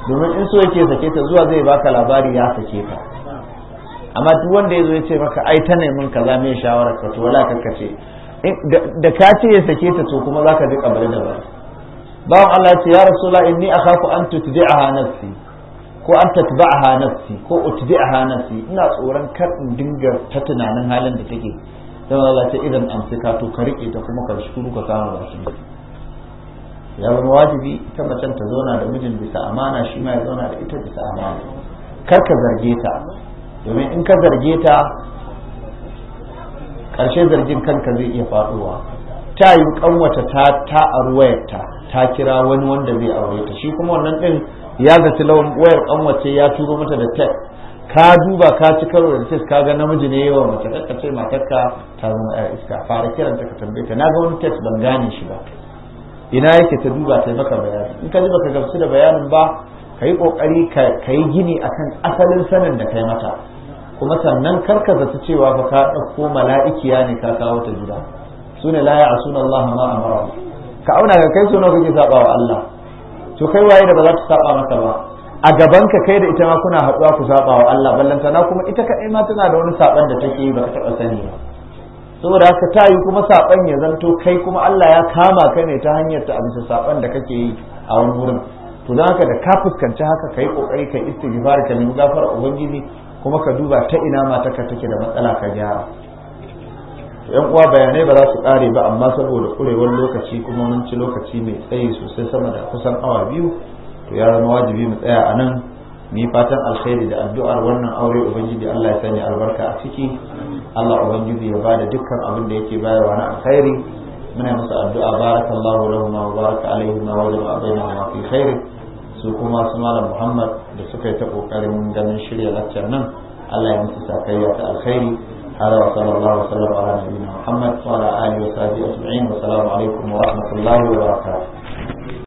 domin in so yake sake ta zuwa zai baka labari ya sake ta amma duk wanda ya zo ya ce maka ai ta neman kaza me shawarar ka to wala kace da ka ce ya sake ta to kuma zaka ji kabari da ba bawan Allah ya ce ya rasula inni akhafu an tutdi'aha nafsi ko an tatba'aha nafsi ko utdi'aha nafsi ina tsoron kar in dinga ta tunanin halin da take ta lalace idan saka to ka rike ta kuma ka shukuru ka kama shi ya zama wajibi ta macen ta zauna da mijin bisa amana shi ma ya zauna da ita bisa amana kar ka zarge ta domin in ka zarge ta karshe zargin kanka zai iya faduwa ta yi kanwata ta ta a wayarta ta kira wani wanda zai aure ta shi kuma wannan din ya zaci lawan wayar kanwace ya turo mata da text ka duba ka ci karo da tes ka ga namiji ne yawa mace ka ce matarka ta zama a iska fara kiranta ka tambaye ta na ga wani tes ban gane shi ba ina yake ta duba ta maka bayani in ka ji baka gamsu da bayanin ba ka yi kokari ka yi gini akan asalin sanin da kai mata kuma sannan kar ka zata cewa ba ka ɗauko mala'ikiya ne ka kawo ta gida su ne a sunan Allah ma amara ka auna ga kai so nawa ke saba wa Allah to kai waye da ba za ta saba maka ba a gaban ka kai da ita ma kuna haɗuwa ku saba wa Allah ballanta na kuma ita kaɗai ma tana da wani saban da take yi ba ka taɓa sani ba saboda haka ta yi kuma saban ya zanto kai kuma Allah ya kama ka ne ta hanyar ta amsa saban da kake yi a wani wurin to don haka da ka fuskanci haka kai kokari kai istighfar ka nemi gafara ubangiji kuma ka duba ta ina matarka take da matsala ka gyara yan uwa bayanai ba za su kare ba amma saboda kurewar lokaci kuma mun ci lokaci mai tsayi sosai sama da kusan awa biyu to ya zama wajibi mu tsaya a nan mu yi fatan alkhairi da addu'ar wannan aure ubangiji Allah ya sanya albarka a ciki Allah ubangiji ya bada dukkan abin da yake bayarwa na alkhairi muna musu addu'a barakallahu lahum wa baraka alaihim wa jama'a bainahum fi khair su kuma su malam Muhammad da suka yi ta kokarin ganin shirya laccar nan Allah ya musu sakayya ta alkhairi هذا وصلى الله وسلم على نبينا محمد وعلى اله وصحبه اجمعين والسلام عليكم ورحمه الله وبركاته